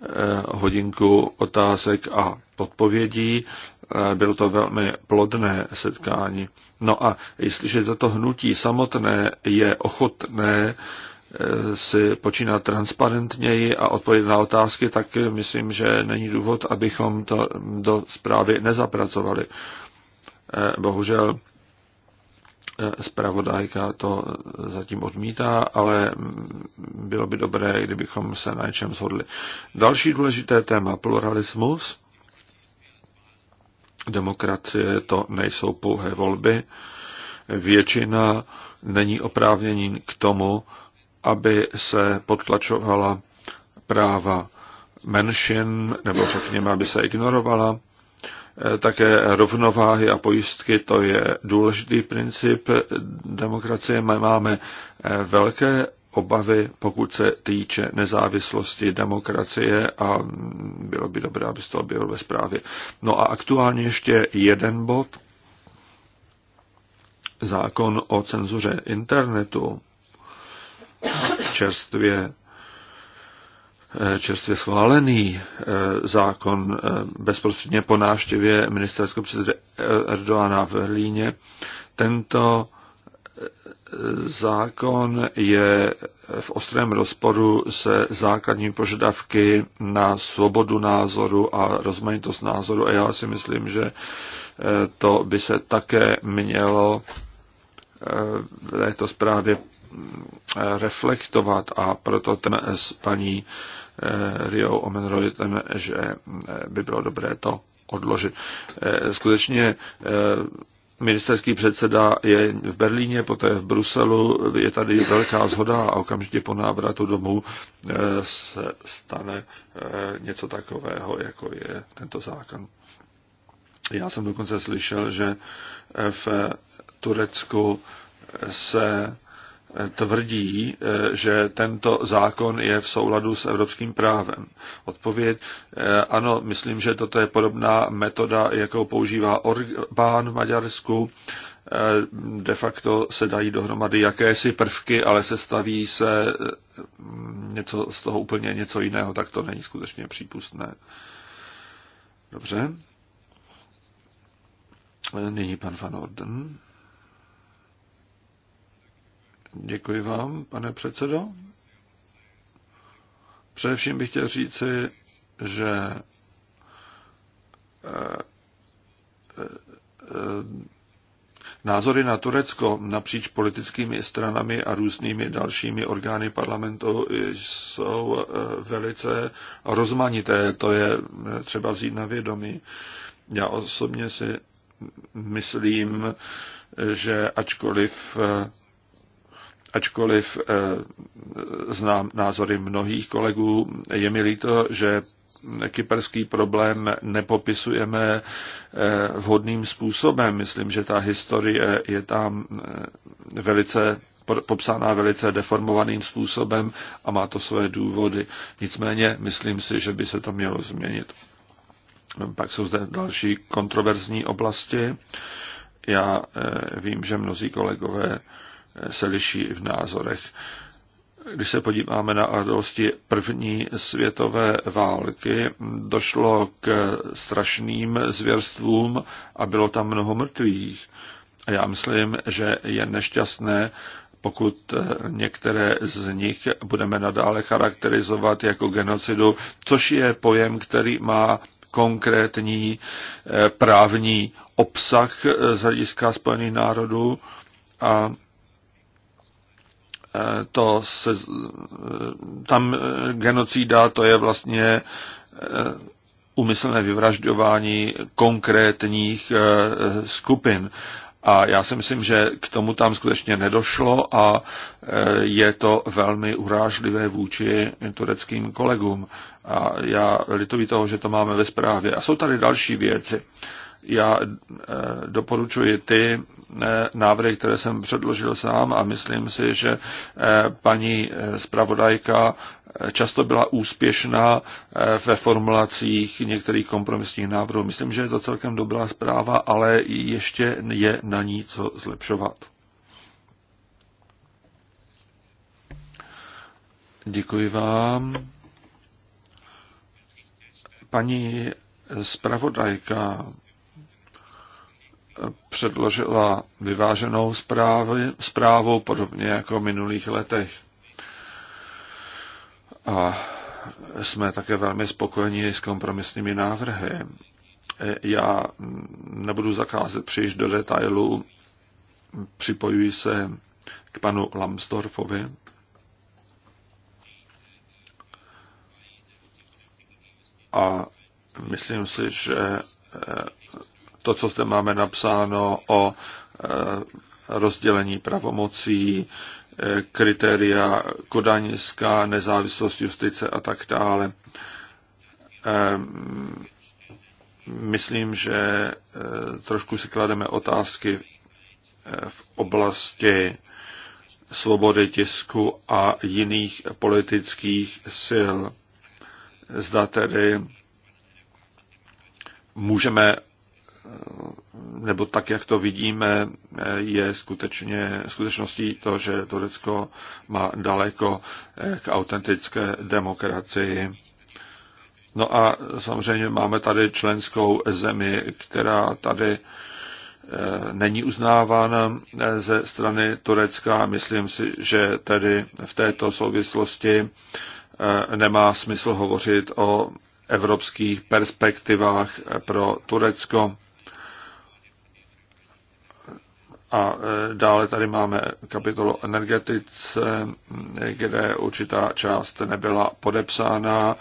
Eh, hodinku otázek a odpovědí. Eh, bylo to velmi plodné setkání. No a jestliže toto hnutí samotné je ochotné eh, si počínat transparentněji a odpovědět na otázky, tak myslím, že není důvod, abychom to do zprávy nezapracovali. Bohužel Spravodajka to zatím odmítá, ale bylo by dobré, kdybychom se na něčem shodli. Další důležité téma, pluralismus. Demokracie to nejsou pouhé volby. Většina není oprávnění k tomu, aby se potlačovala práva menšin, nebo řekněme, aby se ignorovala Eh, také rovnováhy a pojistky, to je důležitý princip demokracie. My máme eh, velké obavy, pokud se týče nezávislosti demokracie a mm, bylo by dobré, aby to bylo ve zprávě. No a aktuálně ještě jeden bod. Zákon o cenzuře internetu čerstvě Eh, čerstvě schválený eh, zákon eh, bezprostředně po návštěvě ministerského předsedy Erdoána v Berlíně. Tento zákon je v ostrém rozporu se základními požadavky na svobodu názoru a rozmanitost názoru a já si myslím, že to by se také mělo v této zprávě mm, reflektovat a proto ten s paní Eh, Rio Omenroitem, že eh, by bylo dobré to odložit. Eh, skutečně ministerský předseda je v Berlíně, poté v Bruselu, je tady velká zhoda a okamžitě po návratu domů se stane něco takového, jako je tento zákon. Já jsem dokonce slyšel, že v Turecku se tvrdí, eh, že tento zákon je v souladu s evropským právem. Odpověď, eh, ano, myslím, že toto je podobná metoda, jakou používá Orbán v Maďarsku. Eh, de facto se dají dohromady jakési prvky, ale se staví se něco z toho úplně něco jiného, tak to není skutečně přípustné. Dobře. Nyní pan Van Orden. Děkuji vám, pane předsedo. Především bych chtěl říci, že eh, eh, názory na Turecko napříč politickými stranami a různými dalšími orgány parlamentu jsou eh, velice rozmanité. To je třeba vzít na vědomí. Já osobně si myslím, že ačkoliv ačkoliv eh, znám názory mnohých kolegů, je mi líto, že kyperský problém nepopisujeme eh, vhodným způsobem. Myslím, že ta historie je tam eh, velice popsaná velice deformovaným způsobem a má to své důvody. Nicméně myslím si, že by se to mělo změnit. Pak jsou zde další kontroverzní oblasti. Já vím, že mnozí kolegové se liší v názorech. Když se podíváme na události první světové války, došlo k strašným zvěrstvům a bylo tam mnoho mrtvých. A já myslím, že je nešťastné, pokud některé z nich budeme nadále charakterizovat jako genocidu, což je pojem, který má konkrétní eh, právní obsah z hlediska Spojených národů a to se, tam genocída to je vlastně umyslné eh, vyvražďování konkrétních eh, skupin. A já si myslím, že k tomu tam skutečně nedošlo a eh, je to velmi urážlivé vůči tureckým kolegům. A já lituji toho, že to máme ve zprávě. A jsou tady další věci. Já eh, doporučuji ty eh, návrhy, které jsem předložil sám a myslím si, že eh, paní zpravodajka často byla úspěšná ve formulacích některých kompromisních návrhů. Myslím, že je to celkem dobrá zpráva, ale ještě je na ní co zlepšovat. Děkuji vám. Paní zpravodajka předložila vyváženou zprávy, zprávu, podobně jako v minulých letech. A jsme také velmi spokojeni s kompromisními návrhy. Já nebudu zakázet příliš do detailů, připojuji se k panu Lambsdorfovi. A myslím si, že to, co zde máme napsáno o eh, rozdělení pravomocí, eh, kritéria kodaňská, nezávislost justice a tak dále. Eh, myslím, že trošku si klademe otázky v oblasti svobody tisku a jiných politických sil. Zda tedy můžeme Eh, nebo tak, jak to vidíme, eh, je skutečně, skutečností to, že Turecko má daleko eh, k autentické demokracii. No a samozřejmě máme tady členskou zemi, která tady není uznávána ze strany Turecka. Myslím si, že tedy v této souvislosti nemá smysl hovořit o evropských perspektivách pro Turecko. A e, dále tady máme kapitolu energetice, kde určitá část nebyla podepsána.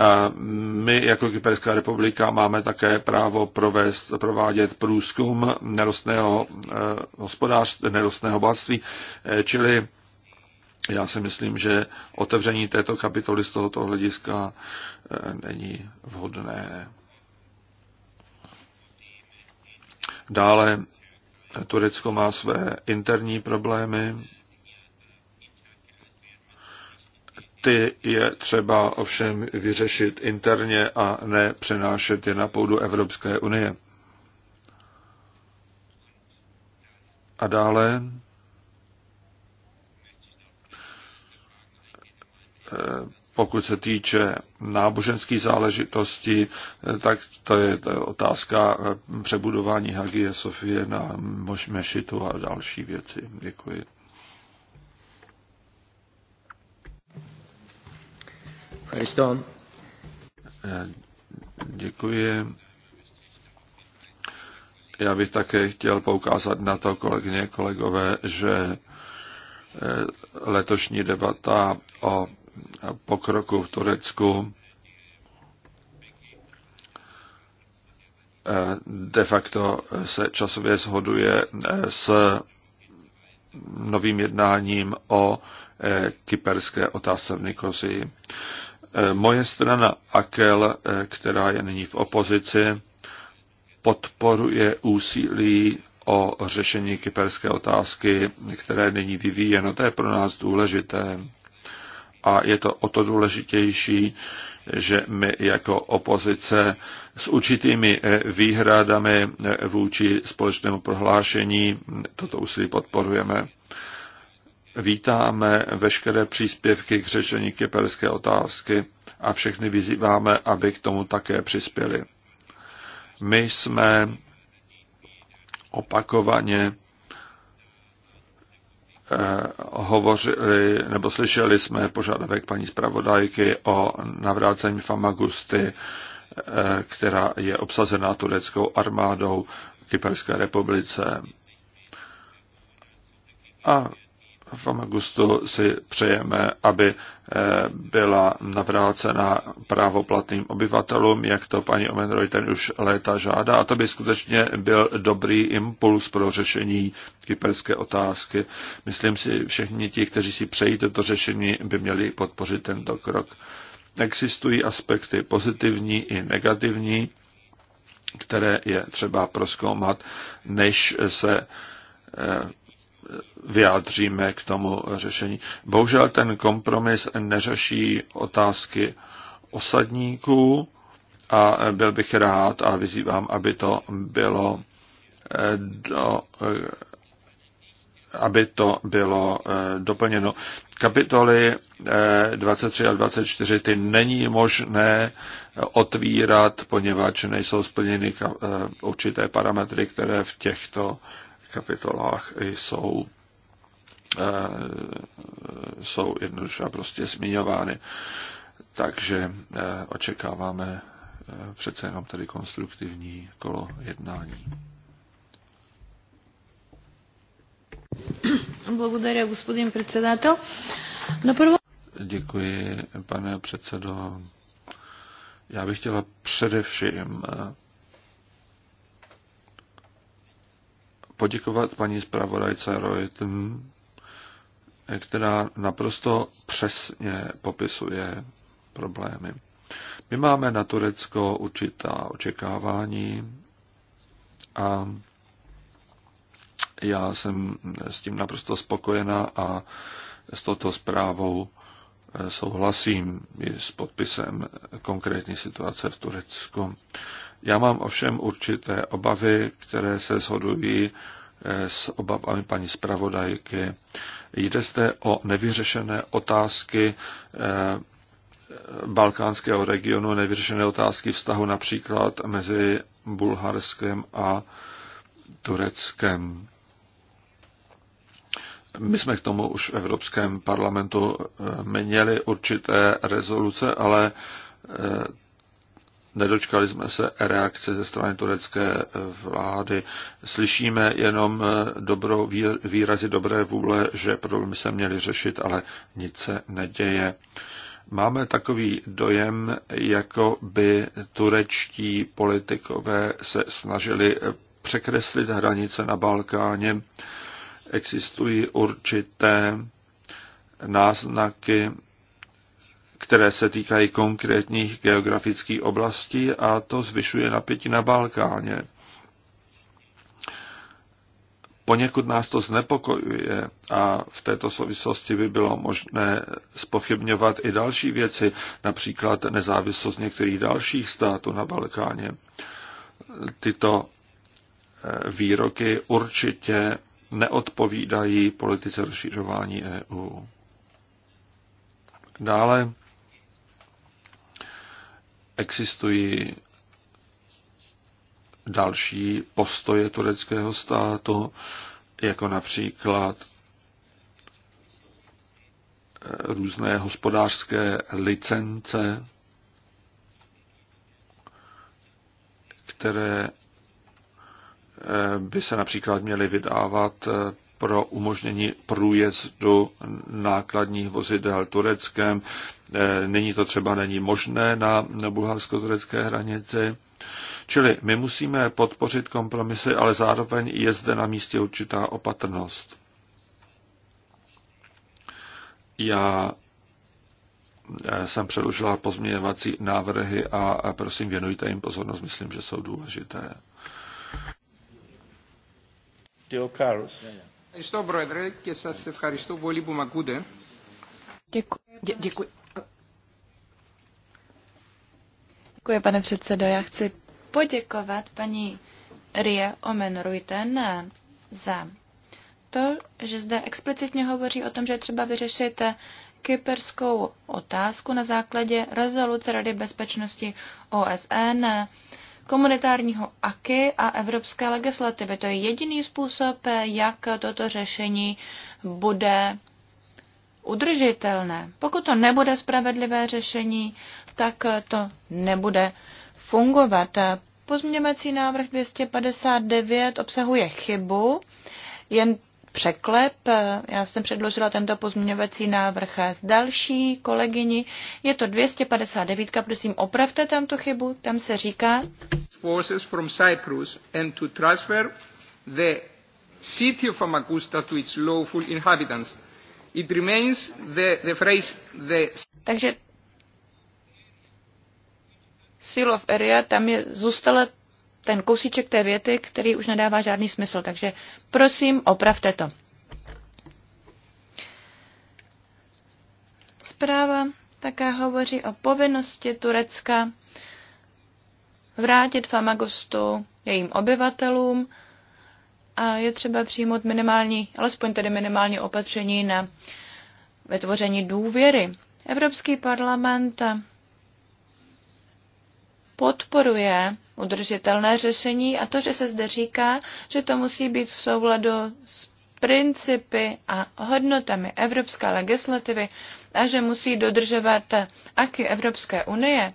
A my jako Kyperská republika máme také právo provést, provádět průzkum nerostného e, hospodářství, nerostného bohatství, e, čili já si myslím, že otevření této kapitoly z tohoto hlediska není vhodné. Dále Turecko má své interní problémy. Ty je třeba ovšem vyřešit interně a ne přenášet je na půdu Evropské unie. A dále eh, pokud se týče náboženských záležitostí, tak to je otázka eh, přebudování Hagie Sofie na Mešitu a další věci. Děkuji. Christon. Eh, děkuji. Já bych také chtěl poukázat na to, kolegyně, kolegové, že eh, letošní debata o pokroku v Turecku de facto se časově shoduje e, s novým jednáním o e, kyperské otázce v Nikosii. E, moje strana AKEL, která je nyní v opozici, podporuje úsilí o řešení kyperské otázky, které není vyvíjeno. To je pro nás důležité a je to o to důležitější, že my jako opozice s určitými eh, výhradami eh, vůči společnému prohlášení hm, toto úsilí podporujeme. Vítáme veškeré příspěvky k řešení kyperské otázky a všechny vyzýváme, aby k tomu také přispěli. My jsme opakovaně Eh, hovořili, nebo slyšeli jsme požadavek paní zpravodajky o navrácení Famagusty, eh, která je obsazená tureckou armádou Kyperské republice. A v Augustu si přejeme, aby eh, byla navrácena právoplatným obyvatelům, jak to paní ten už léta žádá. A to by skutečně byl dobrý impuls pro řešení kyperské otázky. Myslím si, všichni ti, kteří si přejí toto řešení, by měli podpořit tento krok. Existují aspekty pozitivní i negativní, které je třeba proskoumat, než se eh, vyjádříme k tomu řešení. Bohužel ten kompromis neřeší otázky osadníků a byl bych rád a vyzývám, aby to bylo do, aby to bylo eh, doplněno. Kapitoly 23 eh, a 24 ty není možné otvírat, poněvadž nejsou splněny eh, určité parametry, které v těchto kapitolách jsou eh, jsou jednoduše prostě zmiňovány. Takže eh, očekáváme eh, přece jenom tady konstruktivní kolo jednání. Благодаря, господин председател. Děkuji, pane předsedo. Já bych chtěla především poděkovat paní zpravodajce Reutem, která naprosto přesně popisuje problémy. My máme na Turecko určitá očekávání a já jsem s tím naprosto spokojená a s touto zprávou eh, souhlasím i s podpisem konkrétní situace v Turecku. Já mám ovšem určité obavy, které se shodují eh, s obavami paní zpravodajky. Jde zde o nevyřešené otázky eh, balkánského regionu, nevyřešené otázky vztahu například mezi Bulharskem a Tureckem. My jsme k tomu už v Evropském parlamentu eh, měli určité rezoluce, ale Nedočkali jsme se reakce ze strany turecké eh, vlády. Slyšíme jenom eh, dobro, výrazy dobré vůle, že problémy se měly řešit, ale nic se neděje. Máme takový dojem, jako by turečtí politikové se snažili eh, překreslit hranice na Balkáně. Existují určité náznaky které se týkají konkrétních geografických oblastí a to zvyšuje napětí na Balkáně. Poněkud nás to znepokojuje a v této souvislosti by bylo možné spochybňovat i další věci, například nezávislost některých dalších států na Balkáně. Tyto eh, výroky určitě neodpovídají politice rozšířování EU. Dále existují další postoje tureckého státu, jako například eh, různé hospodářské licence, které eh, by se například měly vydávat eh, pro umožnění průjezdu nákladních vozidel Tureckem. Eh, není to třeba není možné na bulharsko-turecké hranici. Čili my musíme podpořit kompromisy, ale zároveň je zde na místě určitá opatrnost. Já eh, jsem předložila pozměňovací návrhy a prosím věnujte jim pozornost, myslím, že jsou důležité. Theocarus. Yeah, yeah. Děkuji. pane předsedo. Já chci poděkovat paní Rie Omen Ruiten za to, že zde explicitně hovoří o tom, že třeba vyřešit kyperskou otázku na základě rezoluce Rady bezpečnosti OSN komunitárního AKY a evropské legislativy. To je jediný způsob, jak toto řešení bude udržitelné. Pokud to nebude spravedlivé řešení, tak to nebude fungovat. Pozměňovací návrh 259 obsahuje chybu, jen překlep. Já jsem předložila tento pozměňovací návrh s další kolegyni. Je to 259, prosím opravte tam tu chybu, tam se říká forces from Cyprus and to transfer the city of to its lawful inhabitants. It remains the, the phrase the... Takže seal of area, tam je zůstala ten kousíček té věty, který už nedává žádný smysl. Takže prosím, opravte to. Zpráva také hovoří o povinnosti Turecka vrátit Famagustu jejím obyvatelům a je třeba přijmout minimální, alespoň tedy minimální opatření na vytvoření důvěry. Evropský parlament podporuje udržitelné řešení a to, že se zde říká, že to musí být v souladu s principy a hodnotami evropské legislativy a že musí dodržovat aky Evropské unie,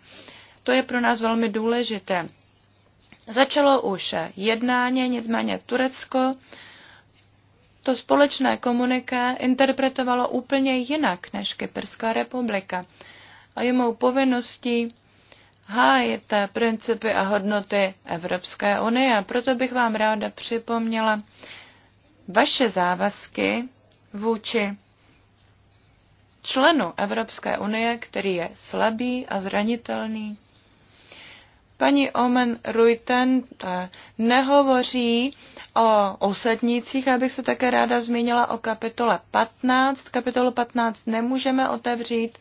to je pro nás velmi důležité. Začalo už jednání, nicméně Turecko to společné komuniké interpretovalo úplně jinak než Kyperská republika. A je mou povinností hájit principy a hodnoty Evropské unie. A proto bych vám ráda připomněla vaše závazky vůči členu Evropské unie, který je slabý a zranitelný. Paní Omen Ruiten eh, nehovoří o osadnících, abych se také ráda zmínila o kapitole 15. Kapitolu 15 nemůžeme otevřít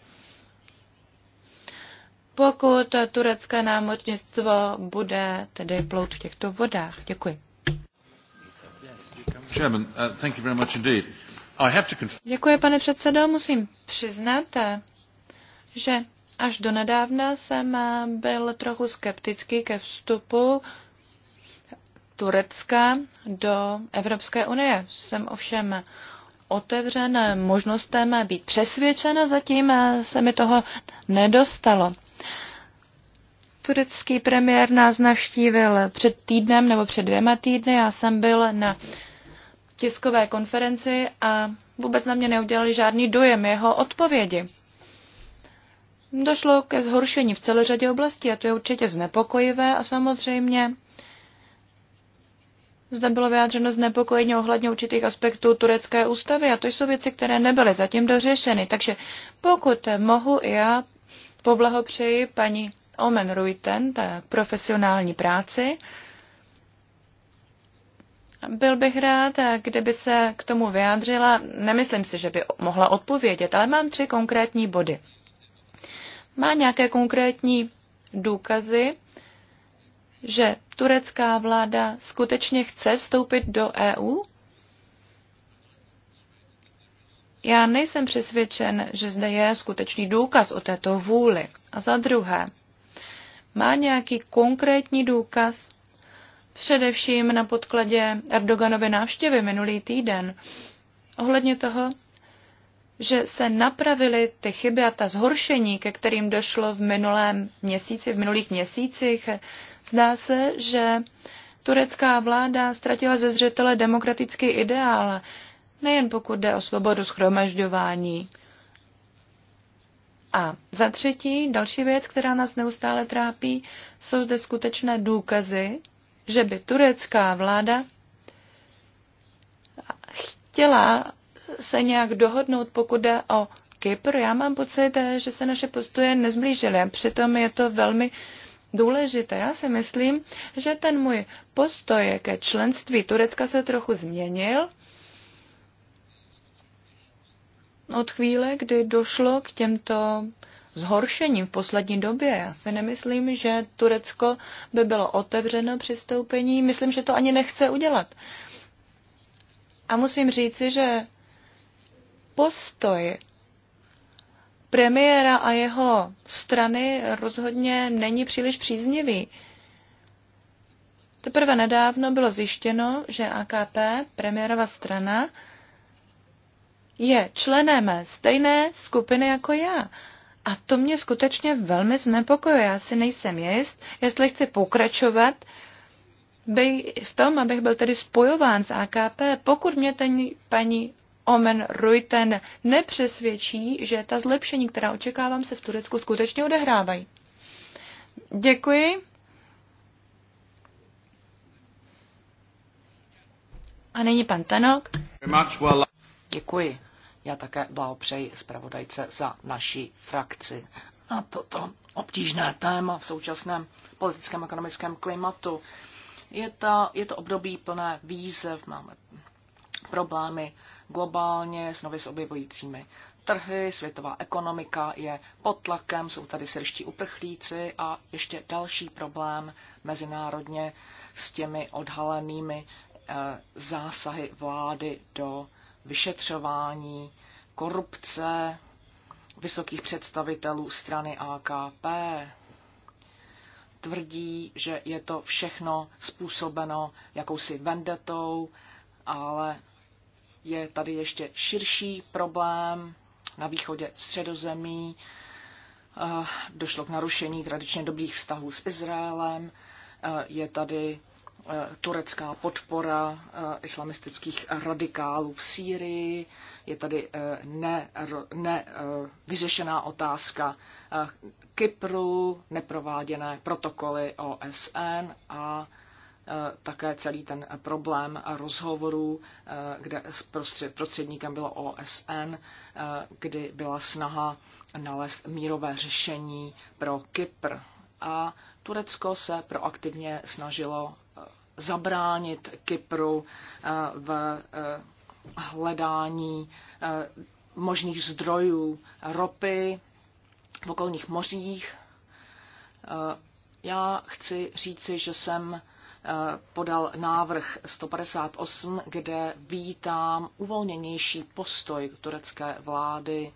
pokud turecké námořnictvo bude tedy plout v těchto vodách. Děkuji. Děkuji, pane předsedo. Musím přiznat, že až do nedávna jsem byl trochu skeptický ke vstupu Turecka do Evropské unie. Jsem ovšem otevřen možnostem být přesvědčen, zatím se mi toho nedostalo. Turecký premiér nás navštívil před týdnem nebo před dvěma týdny. Já jsem byl na tiskové konferenci a vůbec na mě neudělali žádný dojem jeho odpovědi. Došlo ke zhoršení v celé řadě oblastí a to je určitě znepokojivé a samozřejmě zde bylo vyjádřeno znepokojení ohledně určitých aspektů turecké ústavy a to jsou věci, které nebyly zatím dořešeny. Takže pokud mohu, já poblahopřeji paní Omen Ruiten tak profesionální práci. Byl bych rád, kdyby se k tomu vyjádřila. Nemyslím si, že by mohla odpovědět, ale mám tři konkrétní body. Má nějaké konkrétní důkazy, že turecká vláda skutečně chce vstoupit do EU? Já nejsem přesvědčen, že zde je skutečný důkaz o této vůli. A za druhé, má nějaký konkrétní důkaz, především na podkladě Erdoganovy návštěvy minulý týden, ohledně toho, že se napravily ty chyby a ta zhoršení, ke kterým došlo v minulém měsíci, v minulých měsících. Zdá se, že turecká vláda ztratila ze zřetele demokratický ideál, nejen pokud jde o svobodu schromažďování, a za třetí, další věc, která nás neustále trápí, jsou zde skutečné důkazy, že by turecká vláda chtěla se nějak dohodnout, pokud jde o Kypr. Já mám pocit, že se naše postoje nezblížily a přitom je to velmi důležité. Já si myslím, že ten můj postoj ke členství Turecka se trochu změnil od chvíle, kdy došlo k těmto zhoršením v poslední době. Já si nemyslím, že Turecko by bylo otevřeno přistoupení. Myslím, že to ani nechce udělat. A musím říci, že postoj premiéra a jeho strany rozhodně není příliš příznivý. Teprve nedávno bylo zjištěno, že AKP, premiérova strana, je členem stejné skupiny jako já. A to mě skutečně velmi znepokojuje. Já si nejsem jist, jestli chci pokračovat by v tom, abych byl tedy spojován s AKP, pokud mě ten paní Omen Ruiten nepřesvědčí, že ta zlepšení, která očekávám, se v Turecku skutečně odehrávají. Děkuji. A nyní pan Tanok. Děkuji. Já také blahopřeji zpravodajce za naší frakci na toto obtížné téma v současném politickém a ekonomickém klimatu. Je, ta, je to období plné výzev, máme problémy globálně s nově s objevujícími trhy, světová ekonomika je pod tlakem, jsou tady srští uprchlíci a ještě další problém mezinárodně s těmi odhalenými eh, zásahy vlády do vyšetřování korupce vysokých představitelů strany AKP. Tvrdí, že je to všechno způsobeno jakousi vendetou, ale je tady ještě širší problém na východě středozemí. Eh, došlo k narušení tradičně dobrých vztahů s Izraelem. Eh, je tady Eh, turecká podpora eh, islamistických radikálů v Sýrii, je tady nevyřešená eh, ne, otázka Kypru, neprováděné protokoly OSN a také celý ten problém rozhovorů, kde prostředníkem bylo OSN, kdy byla snaha nalézt mírové řešení pro Kypr. A Turecko se proaktivně snažilo zabránit Kypru eh, v eh, hledání eh, možných zdrojů ropy v okolních mořích. Já chci říci, že jsem podal návrh 158, kde vítám uvolněnější postoj turecké vlády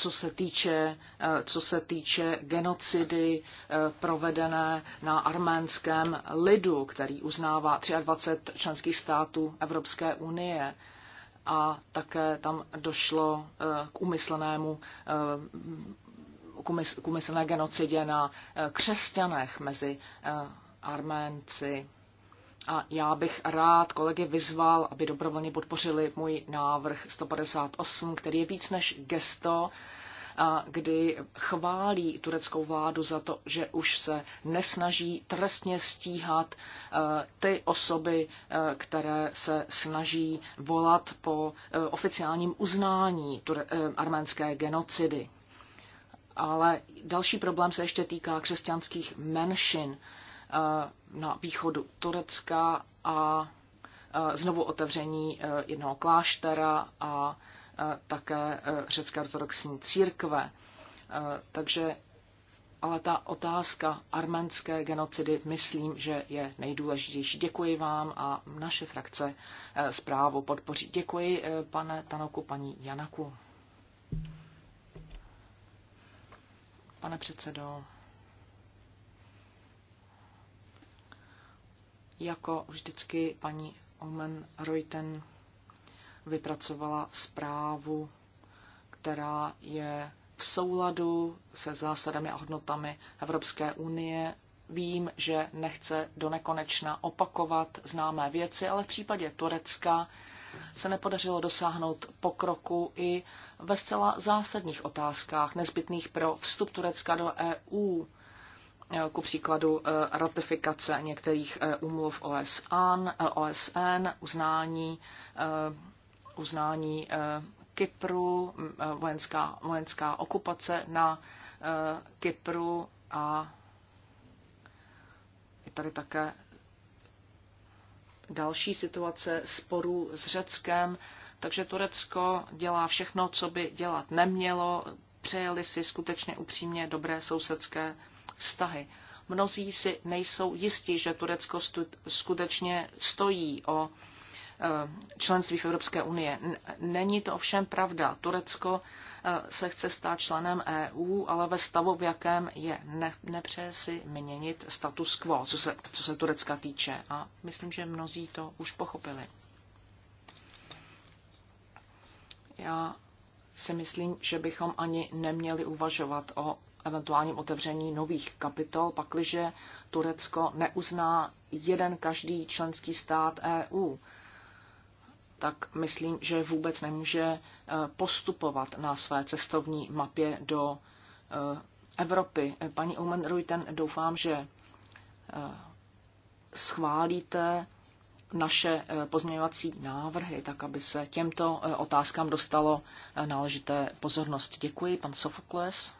co se týče, eh, co se týče genocidy eh, provedené na arménském lidu, který uznává 23 členských států Evropské unie. A také tam došlo eh, k umyslenému k umyslené genocidě na křesťanech mezi Arménci a já bych rád kolegy vyzval, aby dobrovolně podpořili můj návrh 158, který je víc než gesto, kdy chválí tureckou vládu za to, že už se nesnaží trestně stíhat e, ty osoby, e, které se snaží volat po e, oficiálním uznání arménské genocidy. Ale další problém se ještě týká křesťanských menšin. Eh, na východu Turecka a eh, znovu otevření eh, jednoho kláštera a také řecké ortodoxní církve. Takže ale ta otázka arménské genocidy myslím, že je nejdůležitější. Děkuji vám a naše frakce zprávu podpoří. Děkuji, pane Tanoku, paní Janaku. Pane předsedo. Jako vždycky paní Omen Reuten vypracovala zprávu, která je v souladu se zásadami a hodnotami Evropské unie. Vím, že nechce do nekonečna opakovat známé věci, ale v případě Turecka se nepodařilo dosáhnout pokroku i ve zcela zásadních otázkách nezbytných pro vstup Turecka do EU Eh, ku příkladu eh, ratifikace některých eh, úmluv OSN, OSN uznání, uznání Kypru, vojenská, vojenská okupace na Kypru a je tady také další situace sporů s Řeckem, takže Turecko dělá všechno, co by dělat nemělo, přejeli si skutečně upřímně dobré sousedské vztahy. Mnozí si nejsou jistí, že Turecko skutečně stojí o e, členství v Evropské unie. Není to ovšem pravda. Turecko e, se chce stát členem EU, ale ve stavu, v jakém je, ne, nepřeje si měnit status quo, co se, co se Turecka týče. A myslím, že mnozí to už pochopili. Já si myslím, že bychom ani neměli uvažovat o eventuálním otevření nových kapitol, pakliže Turecko neuzná jeden každý členský stát EU, tak myslím, že vůbec nemůže e, postupovat na své cestovní mapě do e, Evropy. Paní Omen Ruiten, doufám, že e, schválíte naše pozměňovací návrhy, tak aby se těmto otázkám dostalo náležité pozornost. Děkuji, pan Sofokles.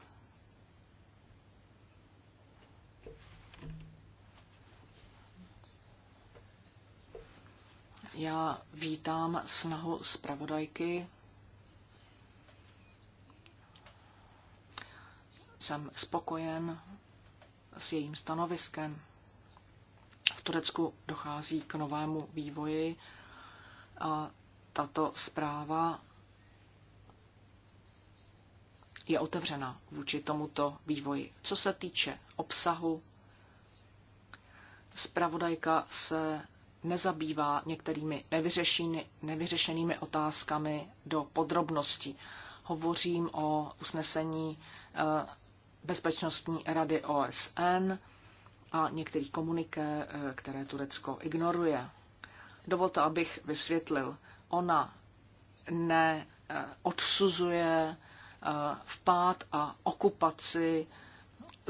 Já vítám snahu zpravodajky. Jsem spokojen s jejím stanoviskem. V Turecku dochází k novému vývoji a tato zpráva je otevřena vůči tomuto vývoji. Co se týče obsahu, zpravodajka se nezabývá některými nevyřešenými otázkami do podrobnosti. Hovořím o usnesení eh, Bezpečnostní rady OSN a některých komuniké, eh, které Turecko ignoruje. Dovolte, abych vysvětlil. Ona neodsuzuje eh, vpád a okupaci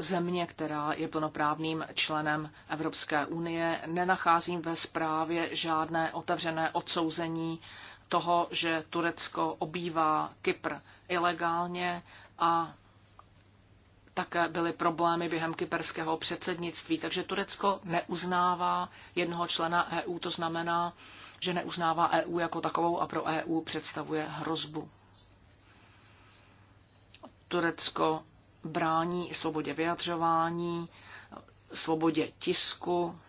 země, která je plnoprávným členem Evropské unie. Nenacházím ve zprávě žádné otevřené odsouzení toho, že Turecko obývá Kypr ilegálně a také byly problémy během kyperského předsednictví. Takže Turecko neuznává jednoho člena EU, to znamená, že neuznává EU jako takovou a pro EU představuje hrozbu. Turecko brání svobodě vyjadřování, svobodě tisku,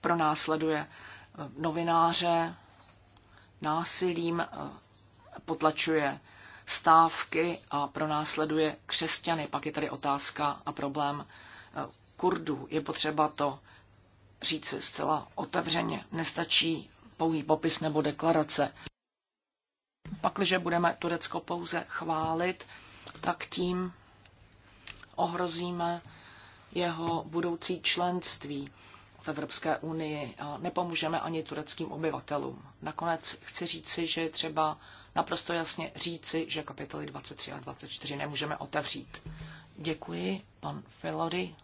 pronásleduje eh, novináře, násilím eh, potlačuje stávky a pronásleduje křesťany. Pak je tady otázka a problém eh, Kurdů. Je potřeba to říci zcela otevřeně. Nestačí pouhý popis nebo deklarace. Pakliže budeme Turecko pouze chválit, tak tím ohrozíme jeho budoucí členství v Evropské unii a nepomůžeme ani tureckým obyvatelům. Nakonec chci říci, že je třeba naprosto jasně říci, že kapitoly 23 a 24 nemůžeme otevřít. Děkuji, pan Filody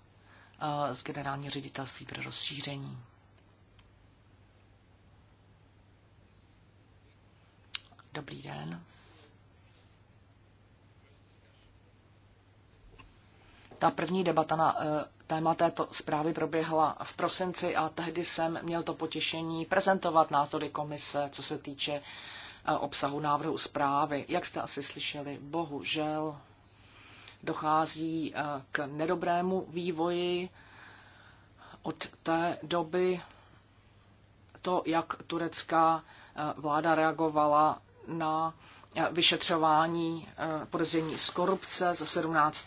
eh, z Generálního ředitelství pro rozšíření. Dobrý den. Ta první debata na eh, téma této zprávy proběhla v prosinci a tehdy jsem měl to potěšení prezentovat názory komise, co se týče eh, obsahu návrhu zprávy. Jak jste asi slyšeli, bohužel dochází eh, k nedobrému vývoji od té doby. To, jak turecká vláda reagovala na vyšetřování podezření z korupce ze 17.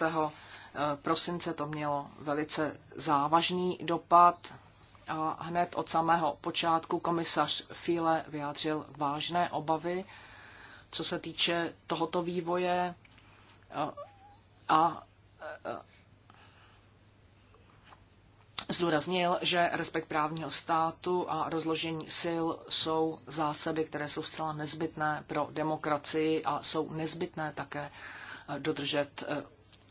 Eh, prosince to mělo velice závažný dopad a hned od samého počátku komisař Fíle vyjádřil vážné obavy, co se týče tohoto vývoje eh, a eh, Zdůraznil, že respekt právního státu a rozložení sil jsou zásady, které jsou zcela nezbytné pro demokracii a jsou nezbytné také dodržet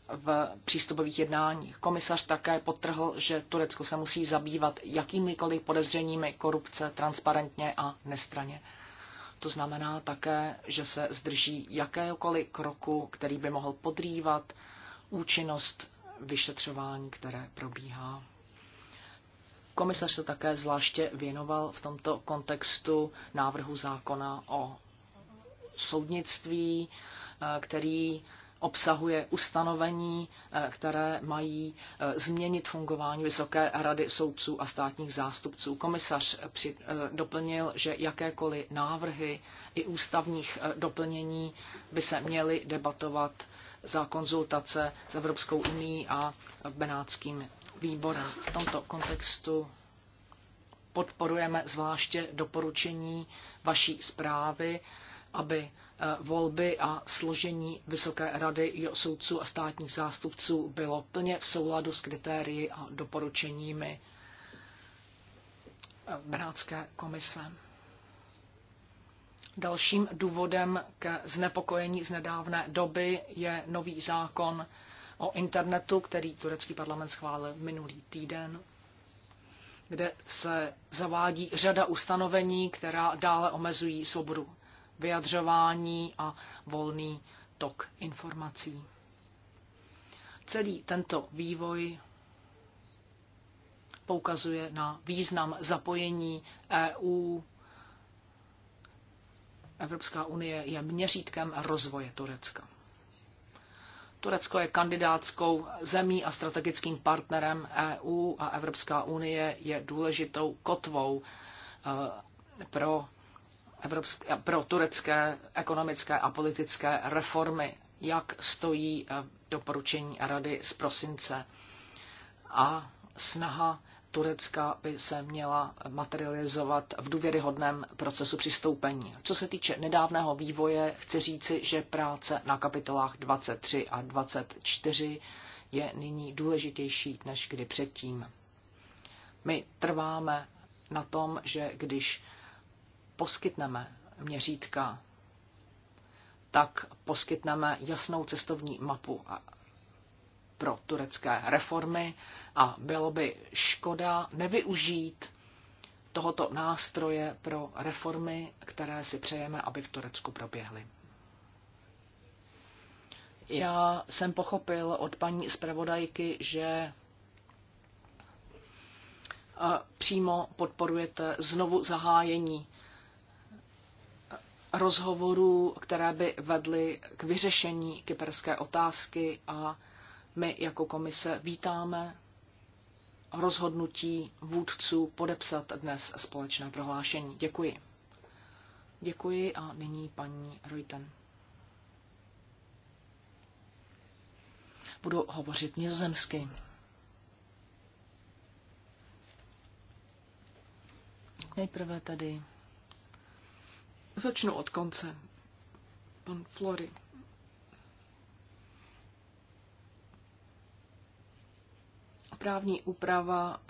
v přístupových jednáních. Komisař také potrhl, že Turecko se musí zabývat jakýmikoliv podezřeními korupce transparentně a nestraně. To znamená také, že se zdrží jakéhokoliv kroku, který by mohl podrývat účinnost vyšetřování, které probíhá. Komisař se také zvláště věnoval v tomto kontextu návrhu zákona o soudnictví, eh, který obsahuje ustanovení, eh, které mají eh, změnit fungování Vysoké rady soudců a státních zástupců. Komisař při, eh, doplnil, že jakékoliv návrhy i ústavních doplnění by se měly debatovat za konzultace s Evropskou unii a Benátským výborem. V tomto kontextu podporujeme zvláště doporučení vaší zprávy aby eh, volby a složení Vysoké rady soudců a státních zástupců bylo plně v souladu s kritérii a doporučeními eh, Benátské komise. Dalším důvodem ke znepokojení z nedávné doby je nový zákon o internetu, který turecký parlament schválil minulý týden, kde se zavádí řada ustanovení, která dále omezují svobodu vyjadřování a volný tok informací. Celý tento vývoj poukazuje na význam zapojení EU. Evropská unie je měřítkem rozvoje Turecka. Turecko je kandidátskou zemí a strategickým partnerem EU a Evropská unie je důležitou kotvou eh, pro evropské, pro turecké ekonomické a politické reformy, jak stojí eh, doporučení Rady z prosince. A snaha Turecka by se měla materializovat v důvěryhodném procesu přistoupení. Co se týče nedávného vývoje, chci říci, že práce na kapitolách 23 a 24 je nyní důležitější než kdy předtím. My trváme na tom, že když poskytneme měřítka, tak poskytneme jasnou cestovní mapu pro turecké reformy a bylo by škoda nevyužít tohoto nástroje pro reformy, které si přejeme, aby v Turecku proběhly. Já jsem pochopil od paní zpravodajky, že eh, přímo podporujete znovu zahájení rozhovorů, které by vedly k vyřešení kyperské otázky a my jako komise vítáme rozhodnutí vůdců podepsat dnes společné prohlášení. Děkuji. Děkuji a nyní paní Reuten. Budu hovořit nizozemsky. Nejprve tady. Začnu od konce. Pan Flory. Právní úprava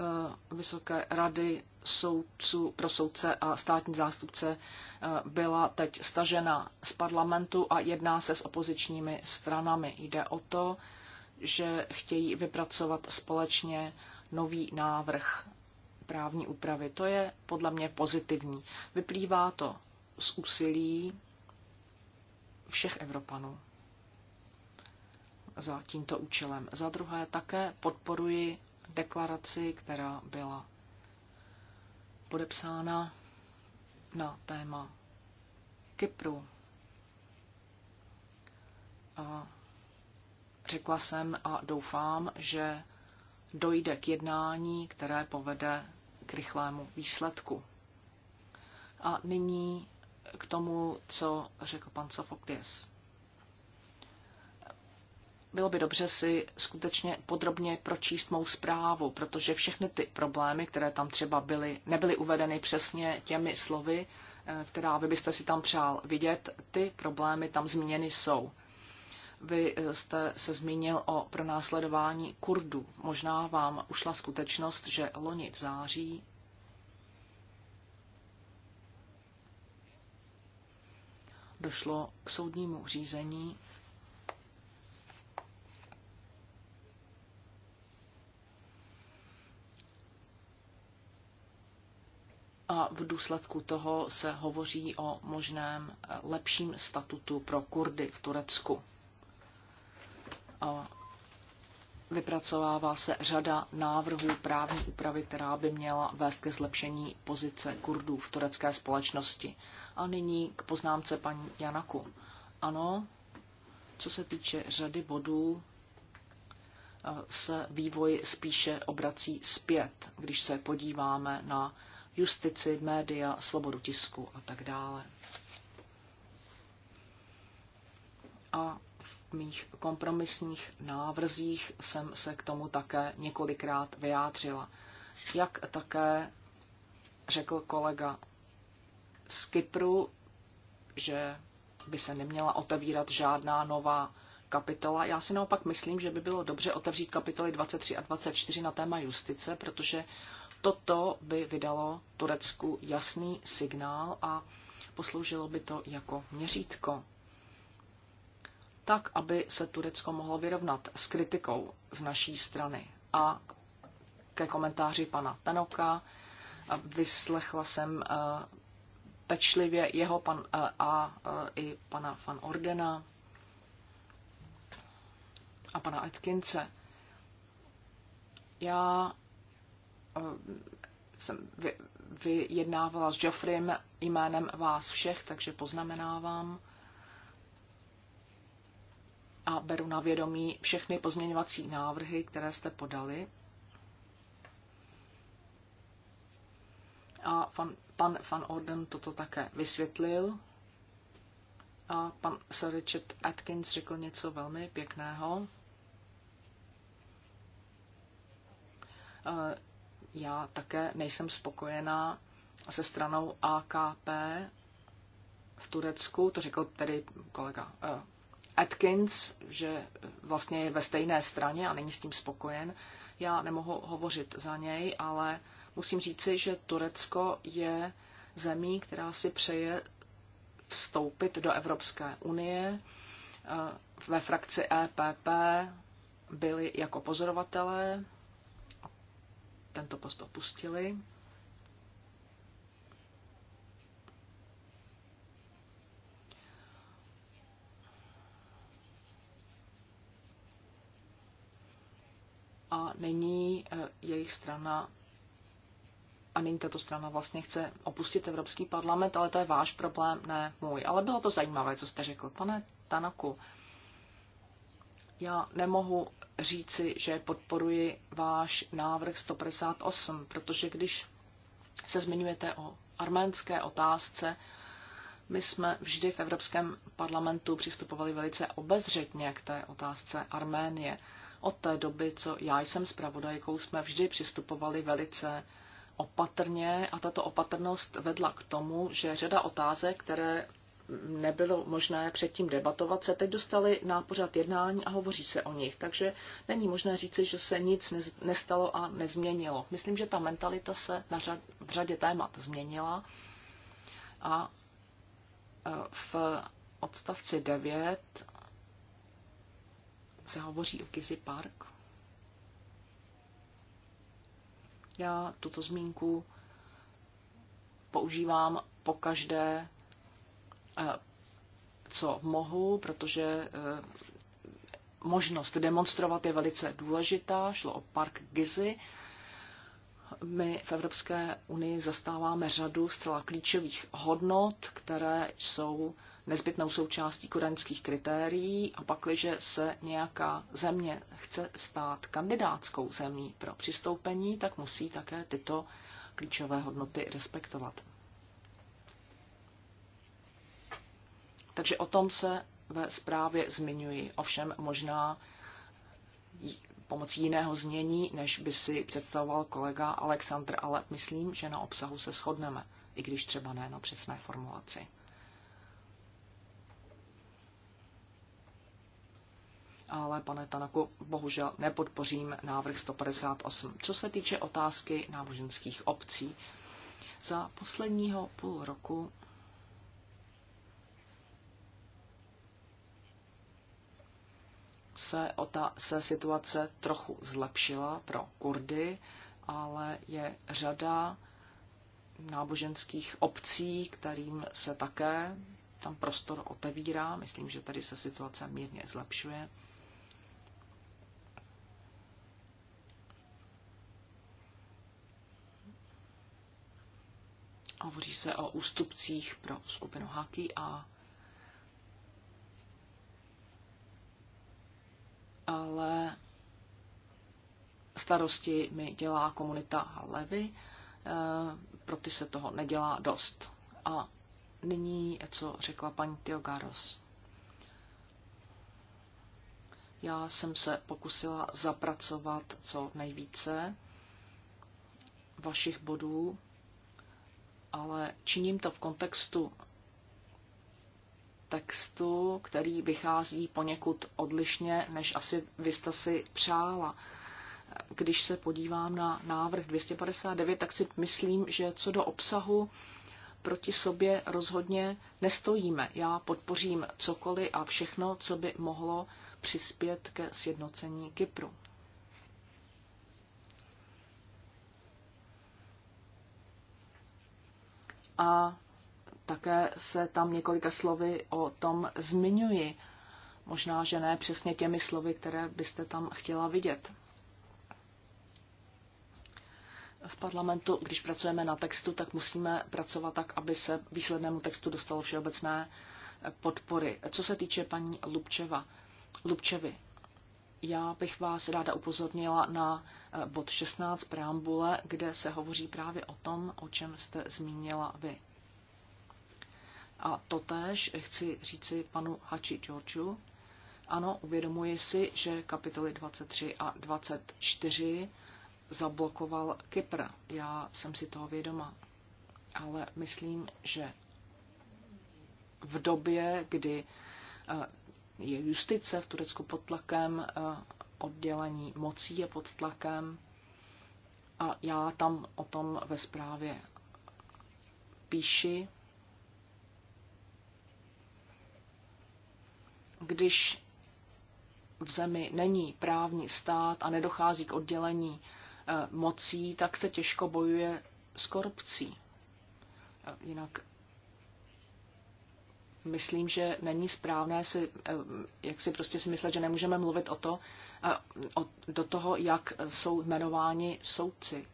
eh, Vysoké rady soudců, pro soudce a státní zástupce eh, byla teď stažena z parlamentu a jedná se s opozičními stranami. Jde o to, že chtějí vypracovat společně nový návrh právní úpravy. To je podle mě pozitivní. Vyplývá to z úsilí všech Evropanů za tímto účelem. Za druhé také podporuji deklaraci, která byla podepsána na téma Kypru. A řekla jsem a doufám, že dojde k jednání, které povede k rychlému výsledku. A nyní k tomu, co řekl pan Sofokles. Bylo by dobře si skutečně podrobně pročíst mou zprávu, protože všechny ty problémy, které tam třeba byly, nebyly uvedeny přesně těmi slovy, eh, která vy byste si tam přál vidět, ty problémy tam zmíněny jsou. Vy eh, jste se zmínil o pronásledování Kurdů. Možná vám ušla skutečnost, že loni v září došlo k soudnímu řízení a v důsledku toho se hovoří o možném lepším statutu pro Kurdy v Turecku. A vypracovává se řada návrhů právní úpravy, která by měla vést ke zlepšení pozice Kurdů v turecké společnosti. A nyní k poznámce paní Janaku. Ano, co se týče řady bodů, se vývoj spíše obrací zpět, když se podíváme na justici, média, svobodu tisku a tak dále. A mých kompromisních návrzích jsem se k tomu také několikrát vyjádřila. Jak také řekl kolega z Kypru, že by se neměla otevírat žádná nová kapitola. Já si naopak myslím, že by bylo dobře otevřít kapitoly 23 a 24 na téma justice, protože toto by vydalo Turecku jasný signál a posloužilo by to jako měřítko tak aby se Turecko mohlo vyrovnat s kritikou z naší strany. A ke komentáři pana Tenoka vyslechla jsem eh, pečlivě jeho pan, eh, a eh, i pana Van Ordena a pana Atkince. Já jsem vyjednávala s Joffrem jménem vás všech, takže poznamenávám a beru na vědomí všechny pozměňovací návrhy, které jste podali. A pan, pan Van Orden toto také vysvětlil. A pan Sir Richard Atkins řekl něco velmi pěkného. Eh, já také nejsem spokojená se stranou AKP v Turecku, to řekl tedy kolega eh, Atkins, že vlastně je ve stejné straně a není s tím spokojen. Já nemohu hovořit za něj, ale musím říci, že Turecko je zemí, která si přeje vstoupit do Evropské unie. Eh, ve frakci EPP byli jako pozorovatelé. Tento post opustili. a není eh, jejich strana a nyní tato strana vlastně chce opustit Evropský parlament, ale to je váš problém, ne můj. Ale bylo to zajímavé, co jste řekl. Pane Tanaku, já nemohu říci, že podporuji váš návrh 158, protože když se zmiňujete o arménské otázce, my jsme vždy v Evropském parlamentu přistupovali velice obezřetně k té otázce Arménie. Od té doby, co já jsem zpravodajkou, jsme vždy přistupovali velice opatrně a tato opatrnost vedla k tomu, že řada otázek, které nebylo možné předtím debatovat, se teď dostali na pořad jednání a hovoří se o nich. Takže není možné říci, že se nic nestalo a nezměnilo. Myslím, že ta mentalita se na řad, v řadě témat změnila a e, v odstavci 9 se hovoří o Kizi Park. Já tuto zmínku používám po každé, eh, co mohu, protože eh, možnost demonstrovat je velice důležitá. Šlo o park Gizy my v Evropské unii zastáváme řadu zcela klíčových hodnot, které jsou nezbytnou součástí kodaňských kritérií a pakliže se nějaká země chce stát kandidátskou zemí pro přistoupení, tak musí také tyto klíčové hodnoty respektovat. Takže o tom se ve zprávě zmiňuji. Ovšem možná pomocí jiného znění, než by si představoval kolega Aleksandr, ale myslím, že na obsahu se shodneme, i když třeba ne na přesné formulaci. ale pane Tanaku, bohužel nepodpořím návrh 158. Co se týče otázky náboženských obcí, za posledního půl roku se, ta, se situace trochu zlepšila pro Kurdy, ale je řada náboženských obcí, kterým se také tam prostor otevírá. Myslím, že tady se situace mírně zlepšuje. Hovoří se o ústupcích pro skupinu Haki a ale starosti mi dělá komunita Levy, eh, pro ty se toho nedělá dost. A nyní, co řekla paní Teogaros. Já jsem se pokusila zapracovat co nejvíce vašich bodů, ale činím to v kontextu textu, který vychází poněkud odlišně, než asi vy jste si přála. Když se podívám na návrh 259, tak si myslím, že co do obsahu proti sobě rozhodně nestojíme. Já podpořím cokoliv a všechno, co by mohlo přispět ke sjednocení Kypru. A také se tam několika slovy o tom zmiňuji. Možná, že ne přesně těmi slovy, které byste tam chtěla vidět. V parlamentu, když pracujeme na textu, tak musíme pracovat tak, aby se výslednému textu dostalo všeobecné podpory. Co se týče paní Lubčeva, Lubčevy, já bych vás ráda upozornila na eh, bod 16 preambule, kde se hovoří právě o tom, o čem jste zmínila vy. A totéž chci říci panu Hači Georgiu. Ano, uvědomuji si, že kapitoly 23 a 24 zablokoval Kypr. Já jsem si toho vědoma. Ale myslím, že v době, kdy eh, je justice v Turecku pod tlakem, eh, oddělení mocí je pod tlakem, a já tam o tom ve zprávě píši, Když v zemi není právní stát a nedochází k oddělení eh, mocí, tak se těžko bojuje s korupcí. Eh, jinak myslím, že není správné si, eh, jak si prostě si myslet, že nemůžeme mluvit o to, o, do toho, jak jsou jmenováni soudci.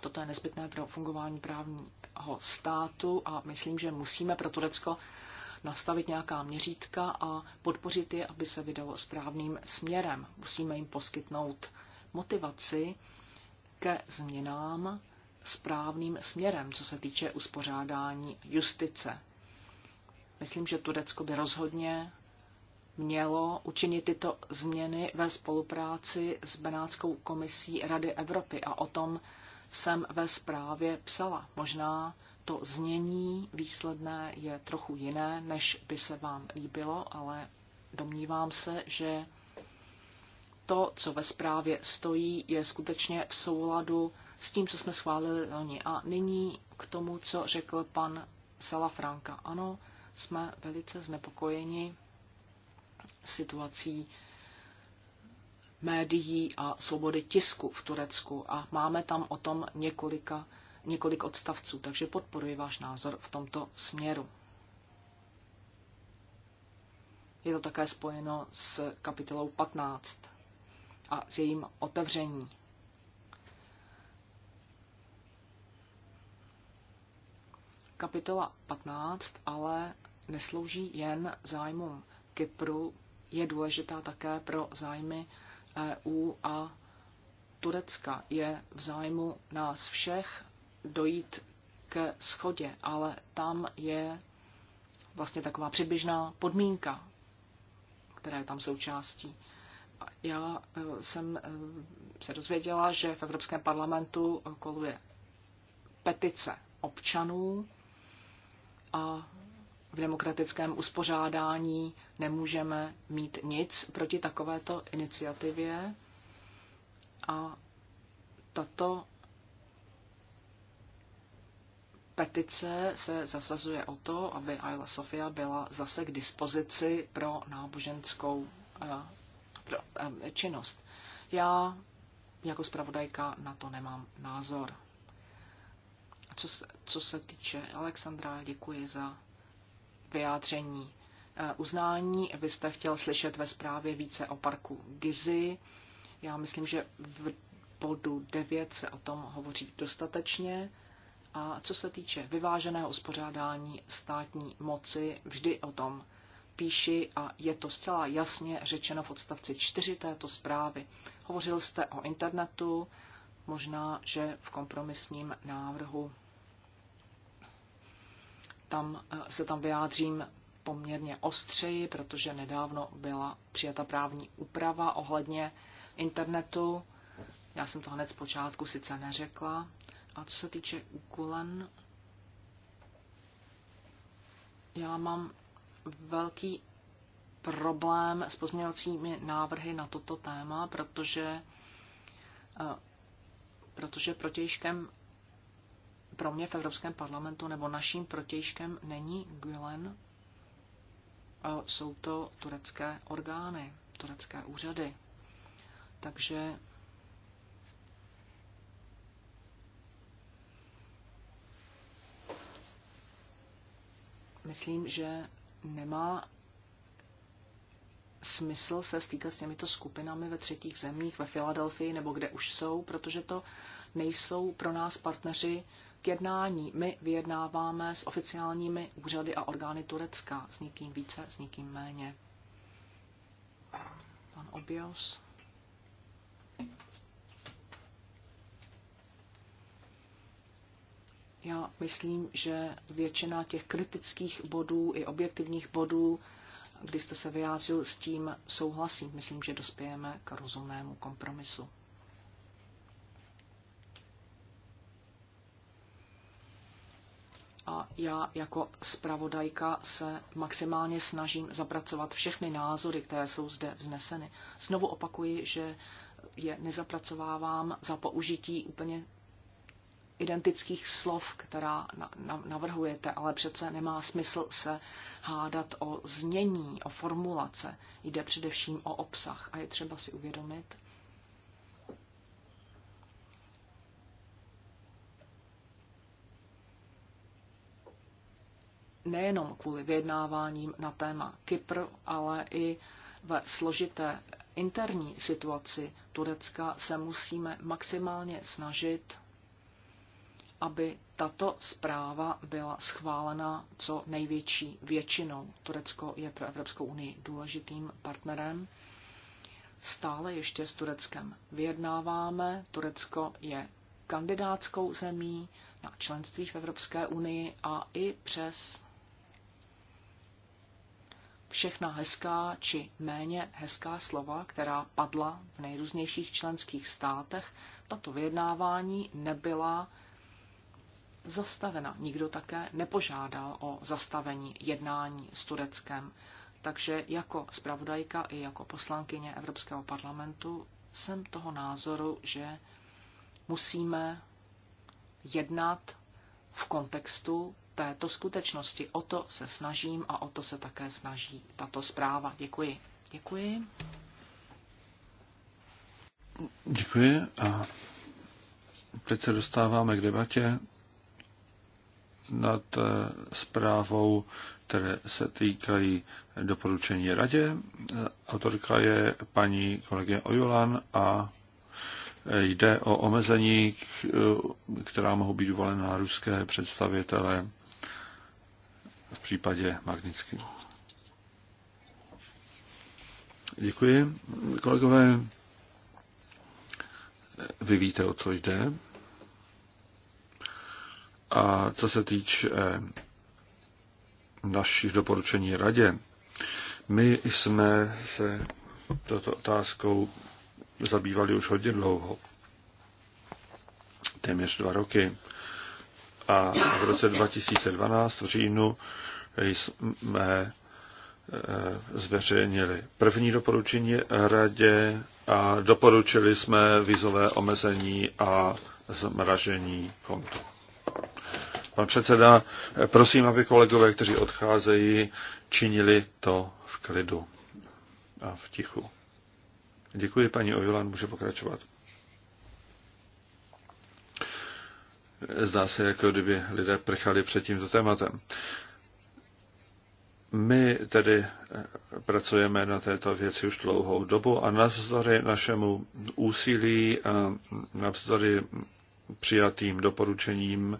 Toto je nezbytné pro fungování právního státu a myslím, že musíme pro Turecko nastavit nějaká měřítka a podpořit je, aby se vydalo správným směrem. Musíme jim poskytnout motivaci ke změnám správným směrem, co se týče uspořádání justice. Myslím, že Turecko by rozhodně mělo učinit tyto změny ve spolupráci s Benátskou komisí Rady Evropy a o tom jsem ve zprávě psala. Možná to znění výsledné je trochu jiné, než by se vám líbilo, ale domnívám se, že to, co ve zprávě stojí, je skutečně v souladu s tím, co jsme schválili loni. A nyní k tomu, co řekl pan Salafranka. Ano, jsme velice znepokojeni situací médií a svobody tisku v Turecku a máme tam o tom několika několik odstavců, takže podporuji váš názor v tomto směru. Je to také spojeno s kapitolou 15 a s jejím otevřením. Kapitola 15 ale neslouží jen zájmům Kypru, je důležitá také pro zájmy EU a Turecka. Je v zájmu nás všech dojít ke schodě, ale tam je vlastně taková předběžná podmínka, která je tam součástí. Já eh, jsem eh, se dozvěděla, že v Evropském parlamentu koluje petice občanů a v demokratickém uspořádání nemůžeme mít nic proti takovéto iniciativě. A tato petice se zasazuje o to, aby Isla Sofia byla zase k dispozici pro náboženskou eh, eh, činnost. Já jako zpravodajka na to nemám názor. Co se, co se týče Alexandra, děkuji za vyjádření eh, uznání. Vy jste chtěl slyšet ve zprávě více o parku Gizi. Já myslím, že v bodu 9 se o tom hovoří dostatečně. A co se týče vyváženého uspořádání státní moci, vždy o tom píši a je to zcela jasně řečeno v odstavci 4 této zprávy. Hovořil jste o internetu, možná, že v kompromisním návrhu tam, eh, se tam vyjádřím poměrně ostřeji, protože nedávno byla přijata právní úprava ohledně internetu. Já jsem to hned z počátku sice neřekla, a co se týče Gulen, já mám velký problém s pozměňovacími návrhy na toto téma, protože, eh, protože protějškem pro mě v Evropském parlamentu nebo naším protějškem není Gülen, eh, jsou to turecké orgány, turecké úřady. Takže myslím, že nemá smysl se stýkat s těmito skupinami ve třetích zemích, ve Filadelfii nebo kde už jsou, protože to nejsou pro nás partneři k jednání. My vyjednáváme s oficiálními úřady a orgány Turecka, s nikým více, s nikým méně. Pan Obios. Já myslím, že většina těch kritických bodů i objektivních bodů, kdy jste se vyjádřil, s tím souhlasím. Myslím, že dospějeme k rozumnému kompromisu. a já jako zpravodajka se maximálně snažím zapracovat všechny názory, které jsou zde vzneseny. Znovu opakuji, že je nezapracovávám za použití úplně identických slov, která navrhujete, ale přece nemá smysl se hádat o znění, o formulace. Jde především o obsah a je třeba si uvědomit, nejenom kvůli vyjednáváním na téma Kypr, ale i ve složité interní situaci Turecka se musíme maximálně snažit aby tato zpráva byla schválena co největší většinou. Turecko je pro Evropskou unii důležitým partnerem. Stále ještě s Tureckem vyjednáváme. Turecko je kandidátskou zemí na členství v Evropské unii a i přes všechna hezká či méně hezká slova, která padla v nejrůznějších členských státech, tato vyjednávání nebyla zastavena. Nikdo také nepožádal o zastavení jednání s Tureckem. Takže jako zpravodajka i jako poslankyně Evropského parlamentu jsem toho názoru, že musíme jednat v kontextu této skutečnosti. O to se snažím a o to se také snaží tato zpráva. Děkuji. Děkuji. Děkuji a teď se dostáváme k debatě nad eh, zprávou, které se týkají doporučení radě. Eh, autorka je paní kolegy Ojulan a eh, jde o omezení, která mohou být uvalena ruské představitele v případě Magnitsky. Děkuji, kolegové. Vy víte, o co jde. A co se týče eh, našich doporučení radě, my jsme se toto otázkou zabývali už hodně dlouho, téměř dva roky. A v roce 2012 v říjnu jsme eh, zveřejnili první doporučení radě a doporučili jsme vizové omezení a zmražení kontu. Pan předseda, prosím, aby kolegové, kteří odcházejí, činili to v klidu a v tichu. Děkuji, paní Ojulan, může pokračovat. Zdá se, jako kdyby lidé prchali před tímto tématem. My tedy eh, pracujeme na této věci už dlouhou dobu a navzdory našemu úsilí, a navzdory přijatým doporučením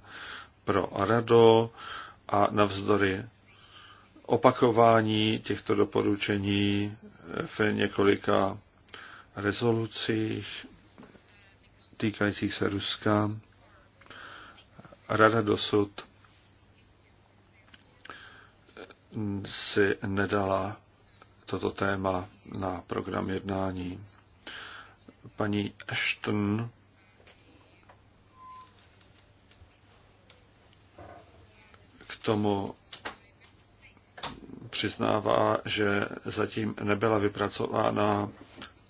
pro rado a navzdory opakování těchto doporučení v několika rezolucích týkajících se Ruska. Rada dosud si nedala toto téma na program jednání. Paní Ashton tomu přiznává, že zatím nebyla vypracována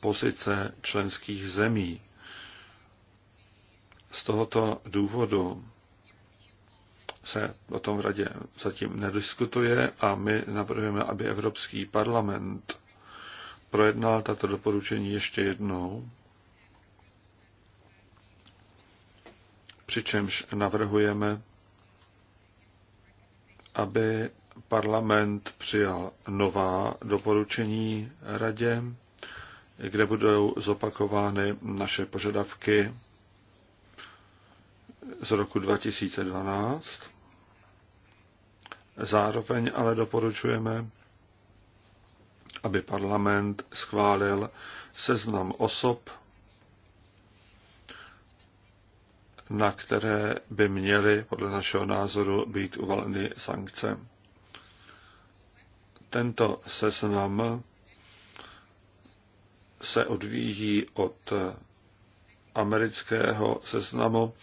pozice členských zemí. Z tohoto důvodu se o tom v radě zatím nediskutuje a my navrhujeme, aby Evropský parlament projednal tato doporučení ještě jednou, přičemž navrhujeme, aby parlament přijal nová doporučení radě, kde budou zopakovány naše požadavky z roku 2012. Zároveň ale doporučujeme, aby parlament schválil seznam osob, na které by měly podle našeho názoru být uvaleny sankce. Tento seznam se odvíjí od amerického seznamu.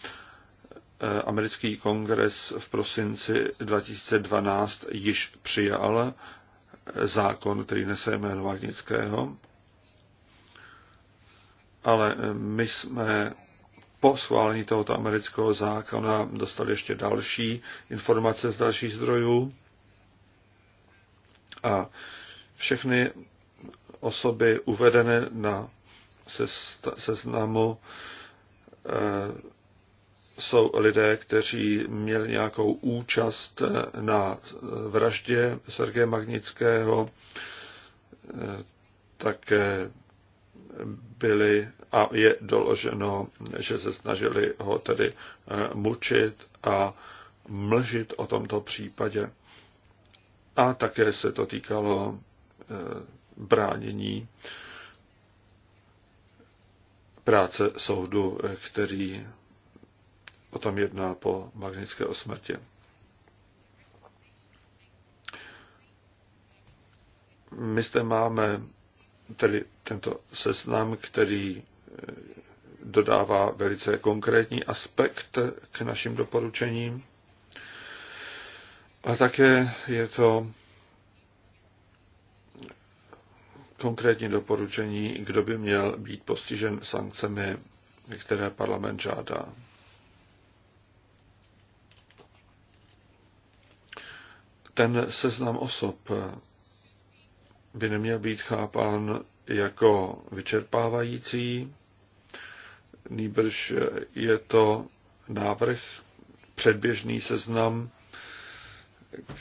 Americký kongres v prosinci 2012 již přijal zákon, který nese jméno Magnického, ale my jsme po schválení tohoto amerického zákona dostali ještě další informace z dalších zdrojů. A všechny osoby uvedené na seznamu eh, jsou lidé, kteří měli nějakou účast eh, na vraždě Sergeje Magnického, eh, také byli a je doloženo, že se snažili ho tedy eh, mučit a mlžit o tomto případě. A také se to týkalo eh, bránění práce soudu, eh, který o tom jedná po magnické osmrtě. My zde máme tedy tento seznam, který eh, dodává velice konkrétní aspekt k našim doporučením. A také je to konkrétní doporučení, kdo by měl být postižen sankcemi, které parlament žádá. Ten seznam osob by neměl být chápán jako vyčerpávající, nýbrž je to návrh, předběžný seznam,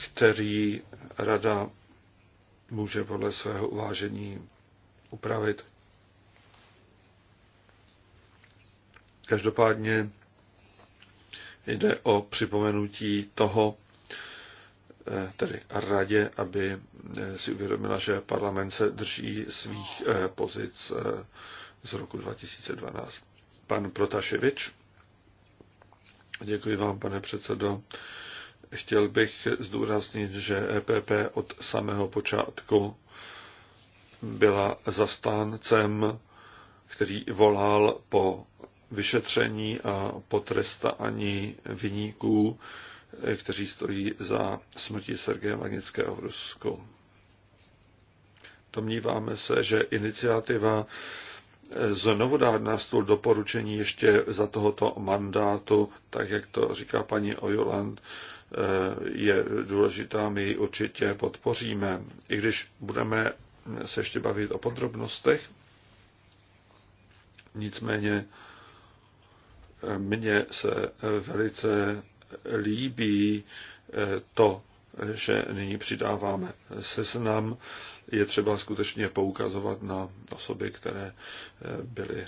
který rada může podle svého uvážení upravit. Každopádně jde o připomenutí toho, tedy radě, aby eh, si uvědomila, že parlament se drží svých eh, pozic eh, z roku 2012. Pan Protaševič. Děkuji vám, pane předsedo. Chtěl bych zdůraznit, že EPP od samého počátku byla zastáncem, který volal po vyšetření a potrestání vyníků, kteří stojí za smrtí Sergeje Magnického v Rusku. Domníváme se, že iniciativa znovu dát na stůl doporučení ještě za tohoto mandátu, tak jak to říká paní Ojoland, eh, je důležitá, my ji určitě podpoříme. I když budeme se ještě bavit o podrobnostech, nicméně eh, mně se velice líbí eh, to, že nyní přidáváme seznam. Je třeba skutečně poukazovat na osoby, které eh, byly eh,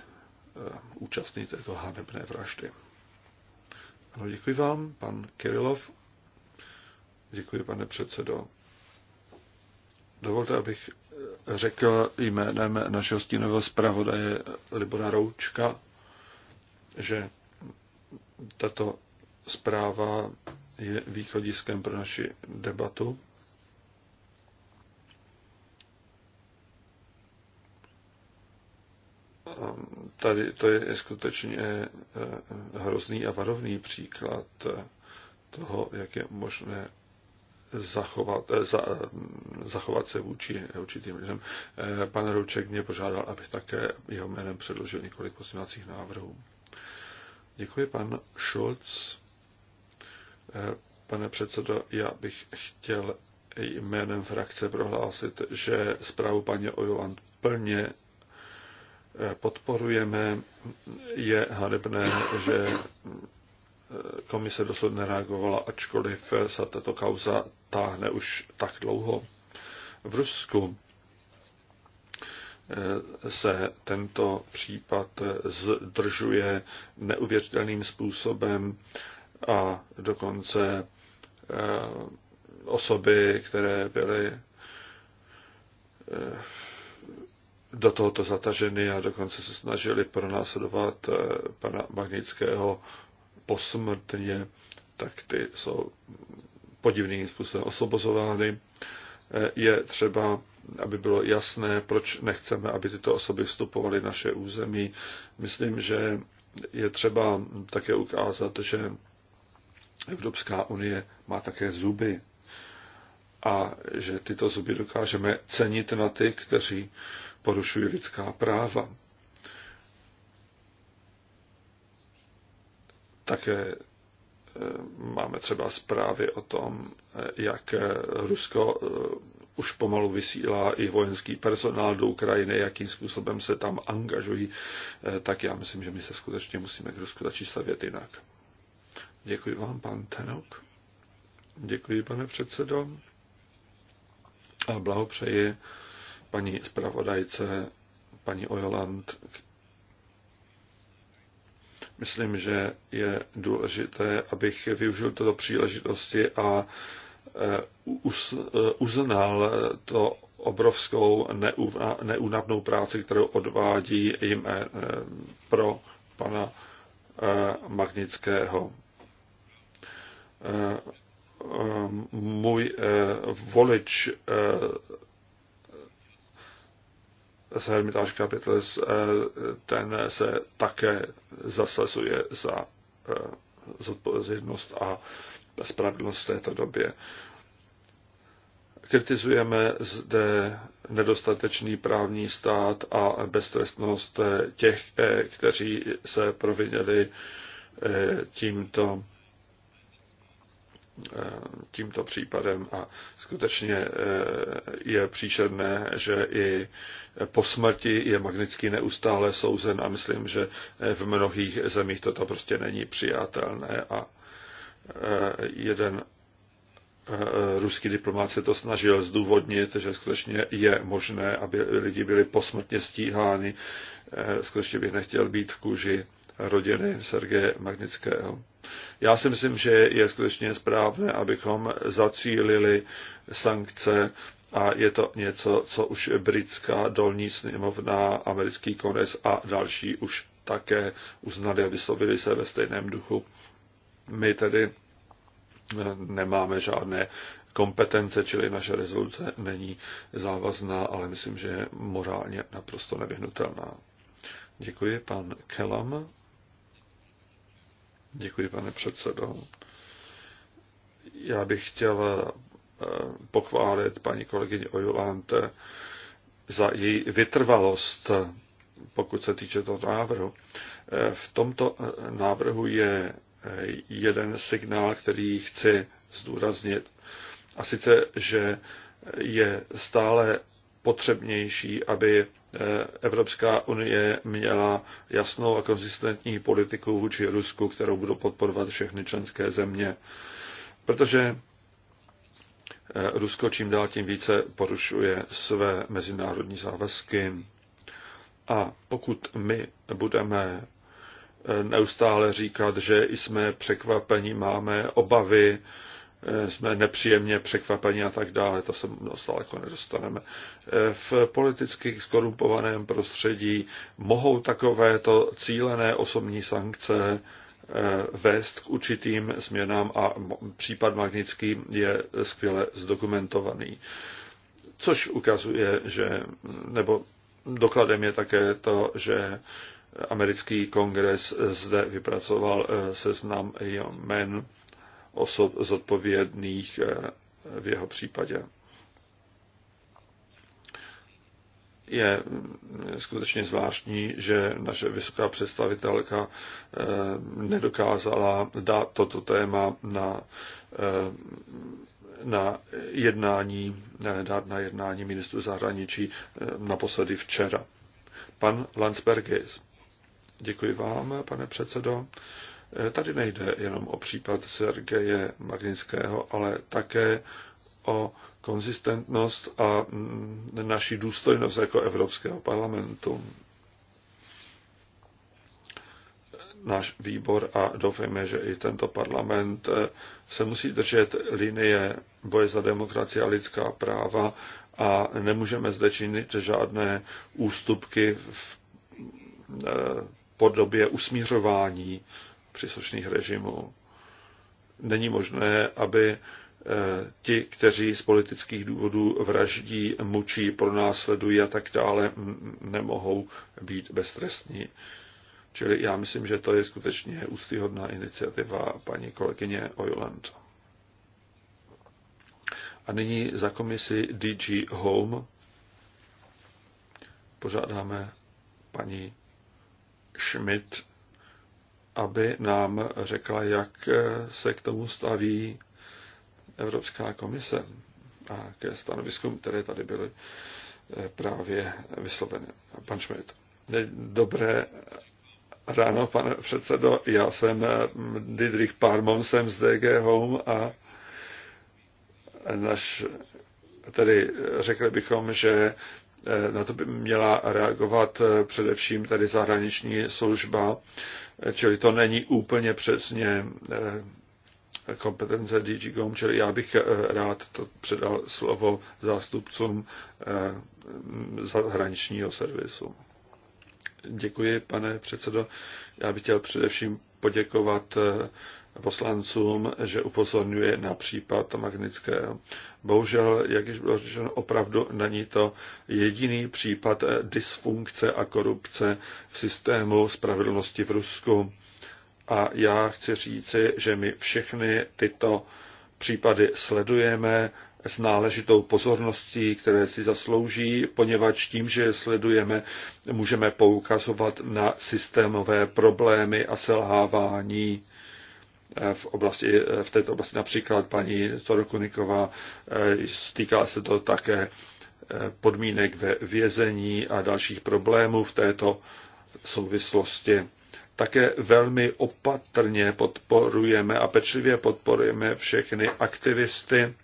účastní této hanebné vraždy. Ano, děkuji vám, pan Kirilov. Děkuji, pane předsedo. Dovolte, abych řekl jménem našeho stínového zpravodaje Libora Roučka, že tato zpráva je východiskem pro naši debatu. Tady to je skutečně eh, eh, hrozný a varovný příklad toho, jak je možné zachovat, eh, za, zachovat se vůči určitým lidem. Pan Rouček mě požádal, abych také jeho jménem předložil několik pozměňovacích návrhů. Děkuji, pan Schulz. Pane předsedo, já bych chtěl jménem frakce prohlásit, že zprávu paní Ojoland plně eh, podporujeme. Je hanebné, že eh, komise dosud nereagovala, ačkoliv se tato kauza táhne už tak dlouho. V Rusku eh, se tento případ zdržuje neuvěřitelným způsobem a dokonce eh, osoby, které byly eh, do tohoto zataženy a dokonce se snažili pronásledovat eh, pana Magnického posmrtně, tak ty jsou podivným způsobem osobozovány. Je třeba, aby bylo jasné, proč nechceme, aby tyto osoby vstupovaly naše území. Myslím, že je třeba také ukázat, že Evropská unie má také zuby a že tyto zuby dokážeme cenit na ty, kteří porušují lidská práva. Také eh, máme třeba zprávy o tom, eh, jak eh, Rusko už pomalu vysílá i vojenský personál do Ukrajiny, jakým způsobem se tam angažují, tak já myslím, že my se skutečně musíme k Rusku začít stavět jinak. Děkuji vám, pan Tenok. Děkuji, pane předsedo. A blahopřeji paní zpravodajce, paní Ojoland. Myslím, že je důležité, abych využil toto příležitosti a e, e, uznal to obrovskou neúnavnou práci, kterou odvádí jim e, pro pana Magnického. Eh, eh, můj eh, volič z Hermitage Capitals, ten se také zasazuje za zodpovědnost a spravedlnost v této době. Kritizujeme zde nedostatečný právní stát a beztrestnost těch, kteří se provinili tímto Eh, tímto případem a skutečně eh, je příšerné, že i po smrti je Magnický neustále souzen a myslím, že eh, v mnohých zemích toto prostě není přijatelné a jeden ruský diplomát se to snažil zdůvodnit, že skutečně je možné, aby lidi byli posmrtně stíháni. Skutečně bych nechtěl být v kůži rodiny Sergeje Magnického. Já si myslím, že je skutečně správné, abychom zacílili sankce a je to něco, co už britská dolní sněmovna, americký kongres a další už také uznali a vyslovili se ve stejném duchu. My tedy nemáme žádné kompetence, čili naše rezoluce není závazná, ale myslím, že je morálně naprosto nevyhnutelná. Děkuji, pan Kelam. Děkuji, pane předsedo. Já bych chtěl eh, pochválit paní kolegyni Ojulante za její vytrvalost, pokud se týče toho návrhu. Eh, v tomto eh, návrhu je jeden signál, který chci zdůraznit. A sice, že je stále potřebnější, aby eh, Evropská unie měla jasnou a konzistentní politiku vůči Rusku, kterou budou podporovat všechny členské země. Protože eh, Rusko čím dál tím více porušuje své mezinárodní závazky. A pokud my budeme eh, neustále říkat, že jsme překvapení, máme obavy, Eh, jsme nepříjemně překvapeni a tak dále, to se moc daleko nedostaneme. Eh, v politicky skorumpovaném prostředí mohou takovéto cílené osobní sankce eh, vést k určitým změnám a případ Magnický je skvěle zdokumentovaný. Což ukazuje, že, nebo dokladem je také to, že americký kongres zde vypracoval seznam jmen osob zodpovědných eh, v jeho případě. Je mm, skutečně zvláštní, že naše vysoká představitelka eh, nedokázala dát toto téma na, eh, na jednání, dát na jednání ministru zahraničí naposledy včera. Pan Landsbergis. Děkuji vám, pane předsedo. Eh, tady nejde jenom o případ Sergeje Magnického, ale také o konzistentnost a mm, naší důstojnost jako Evropského parlamentu. Náš výbor a doufejme, že i tento parlament eh, se musí držet linie boje za demokracii a lidská práva a nemůžeme zde činit žádné ústupky v eh, podobě usmířování příslušných režimů. Není možné, aby eh, ti, kteří z politických důvodů vraždí, mučí, pronásledují a tak dále, nemohou být beztrestní. Čili já myslím, že to je skutečně úctyhodná iniciativa paní kolegyně Ojland. A nyní za komisi DG Home požádáme paní Schmidt, aby nám řekla, jak eh, se k tomu staví Evropská komise a ke stanoviskům, které tady byly eh, právě vysloveny. Pan Schmidt. Dobré ráno, pane předsedo. Já jsem eh, Didrich Parmon, jsem z DG Home a naš, tedy řekli bychom, že Eh, na to by měla reagovat eh, především tady zahraniční služba, eh, čili to není úplně přesně kompetence DG GOM, čili já bych rád to předal slovo zástupcům zahraničního servisu. Děkuji, pane předsedo. Já bych chtěl především poděkovat poslancům, že upozorňuje na případ Magnického. Bohužel, jak již bylo řečeno, opravdu není to jediný případ dysfunkce a korupce v systému spravedlnosti v Rusku. A já chci říci, že my všechny tyto případy sledujeme s náležitou pozorností, které si zaslouží, poněvadž tím, že je sledujeme, můžeme poukazovat na systémové problémy a selhávání v, oblasti, v této oblasti například paní Torokuniková, eh, stýká se to také eh, podmínek ve vězení a dalších problémů v této souvislosti. Také velmi opatrně podporujeme a pečlivě podporujeme všechny aktivisty,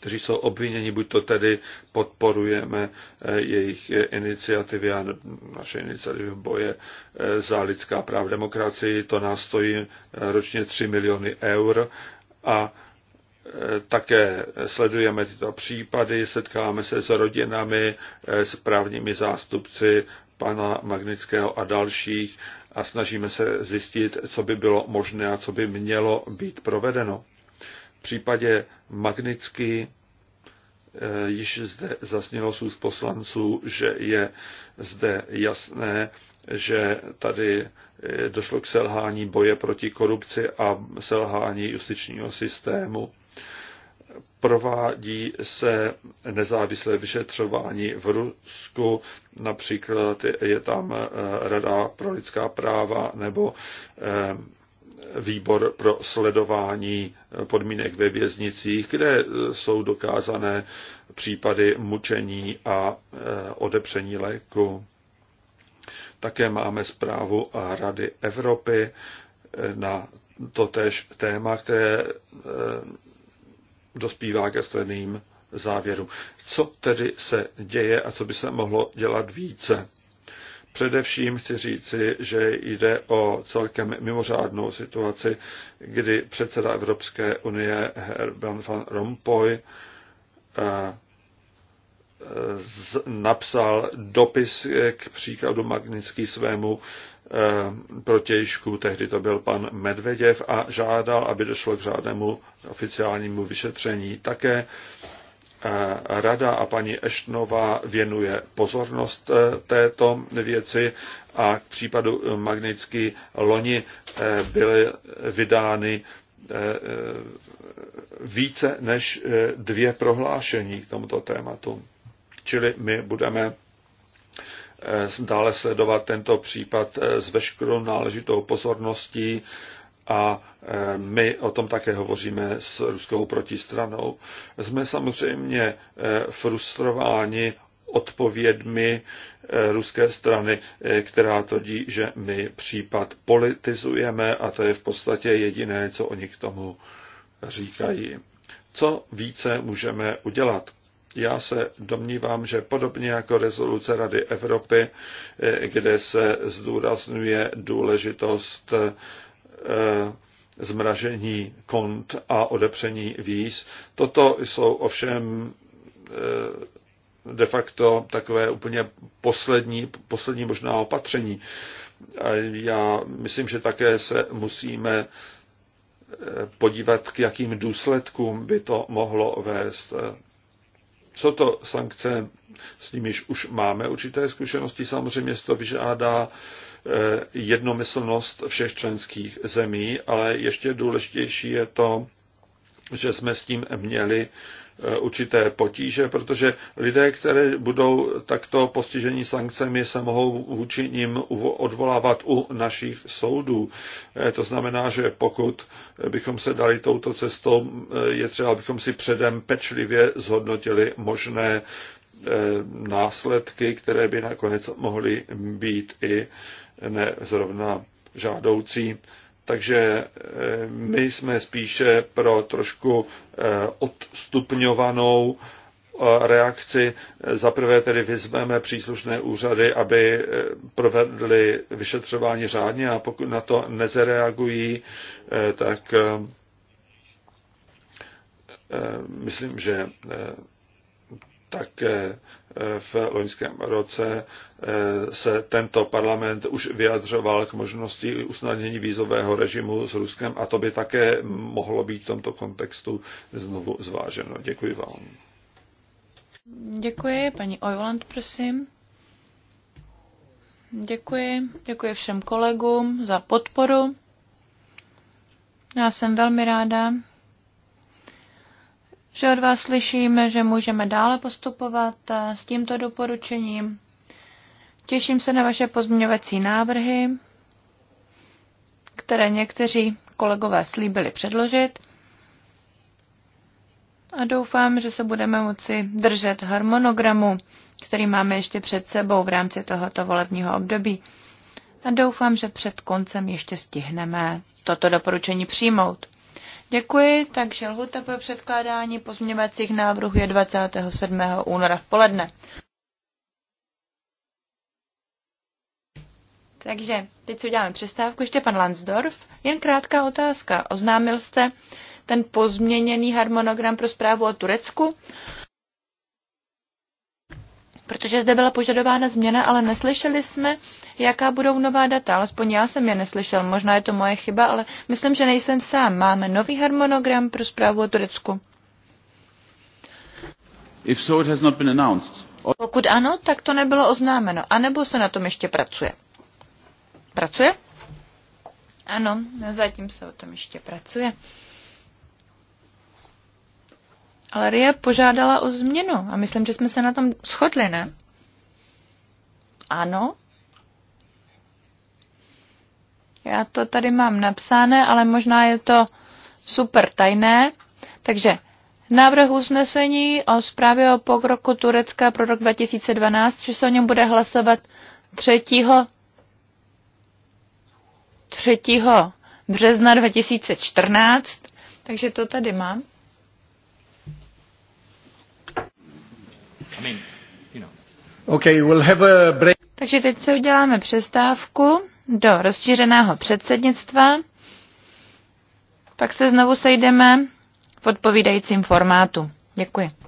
kteří jsou obviněni, buď to tedy podporujeme eh, jejich iniciativy a naše iniciativy boje eh, za lidská práva demokracii, to nás stojí eh, ročně 3 miliony eur a také sledujeme tyto případy, setkáme se s rodinami, s právními zástupci pana Magnického a dalších a snažíme se zjistit, co by bylo možné a co by mělo být provedeno případě Magnicky eh, již zde zasnělo z úst poslanců, že je zde jasné, že tady eh, došlo k selhání boje proti korupci a selhání justičního systému. Provádí se nezávislé vyšetřování v Rusku, například je tam eh, Rada pro lidská práva nebo výbor pro sledování podmínek ve věznicích, kde jsou dokázané případy mučení a e, odepření léku. Také máme zprávu Rady Evropy e, na totéž téma, které e, dospívá ke stejným závěrům. Co tedy se děje a co by se mohlo dělat více? Především chci říci, že jde o celkem mimořádnou situaci, kdy předseda Evropské unie Herbert van Rompuy eh, napsal dopis k příkladu Magnický svému eh, protějšku, tehdy to byl pan Medveděv, a žádal, aby došlo k řádnému oficiálnímu vyšetření. Také Eh, Rada a paní Eštnová věnuje pozornost eh, této věci a k případu Magnický loni eh, byly vydány více než dvě prohlášení k tomuto tématu. Čili my budeme dále sledovat tento případ s veškerou náležitou pozorností a eh, my o tom také hovoříme s ruskou protistranou. Jsme samozřejmě eh, frustrováni odpovědmi eh, ruské strany, která tvrdí, že my případ politizujeme a to je v podstatě jediné, co oni k tomu říkají. Co více můžeme udělat? Já se domnívám, že podobně jako rezoluce Rady Evropy, kde se zdůrazňuje důležitost Eh, zmražení kont a odepření víz. Toto jsou ovšem eh, de facto takové úplně poslední, poslední možná opatření. A já myslím, že také se musíme eh, podívat, k jakým důsledkům by to mohlo vést. Co to sankce, s nimiž už máme určité zkušenosti, samozřejmě se to vyžádá Eh, jednomyslnost všech členských zemí, ale ještě důležitější je to, že jsme s tím měli eh, určité potíže, protože lidé, které budou takto postiženi sankcemi, se mohou vůči ním odvolávat u našich soudů. Eh, to znamená, že pokud bychom se dali touto cestou, je třeba, abychom si předem pečlivě zhodnotili možné následky, které by nakonec mohly být i ne zrovna žádoucí. Takže eh, my jsme spíše pro trošku eh, odstupňovanou eh, reakci. Zaprvé tedy vyzveme příslušné úřady, aby provedly vyšetřování řádně a pokud na to nezareagují, tak myslím, že tak v loňském roce eh, se tento parlament už vyjadřoval k možnosti usnadnění vízového režimu s Ruskem a to by také mohlo být v tomto kontextu znovu zváženo. Děkuji vám. Děkuji, paní Ojland, prosím. Děkuji, děkuji všem kolegům za podporu. Já jsem velmi ráda, že od vás slyšíme, že můžeme dále postupovat eh, s tímto doporučením. Těším se na vaše pozměňovací návrhy, které někteří kolegové slíbili předložit. A doufám, že se budeme moci držet harmonogramu, který máme ještě před sebou v rámci tohoto volebního období. A doufám, že před koncem ještě stihneme toto doporučení přijmout. Děkuji, takže lhuta pro předkládání pozměňovacích návrhů je 27. února v poledne. Takže teď si uděláme přestávku. Ještě pan Lansdorf. Jen krátká otázka. Oznámil jste ten pozměněný harmonogram pro zprávu o Turecku? protože zde byla požadována změna, ale neslyšeli jsme, jaká budou nová data. Alespoň já jsem je neslyšel, možná je to moje chyba, ale myslím, že nejsem sám. Máme nový harmonogram pro zprávu o Turecku. If so, it has not been announced. Pokud ano, tak to nebylo oznámeno. A nebo se na tom ještě pracuje? Pracuje? Ano, zatím se o tom ještě pracuje. Ale RIA požádala o změnu a myslím, že jsme se na tom shodli, ne? Ano. Já to tady mám napsané, ale možná je to super tajné. Takže návrh usnesení o zprávě o pokroku Turecka pro rok 2012, že se o něm bude hlasovat 3. 3. března 2014, takže to tady mám. Takže teď si uděláme přestávku do rozšířeného předsednictva. Pak se znovu sejdeme v odpovídajícím formátu. Děkuji.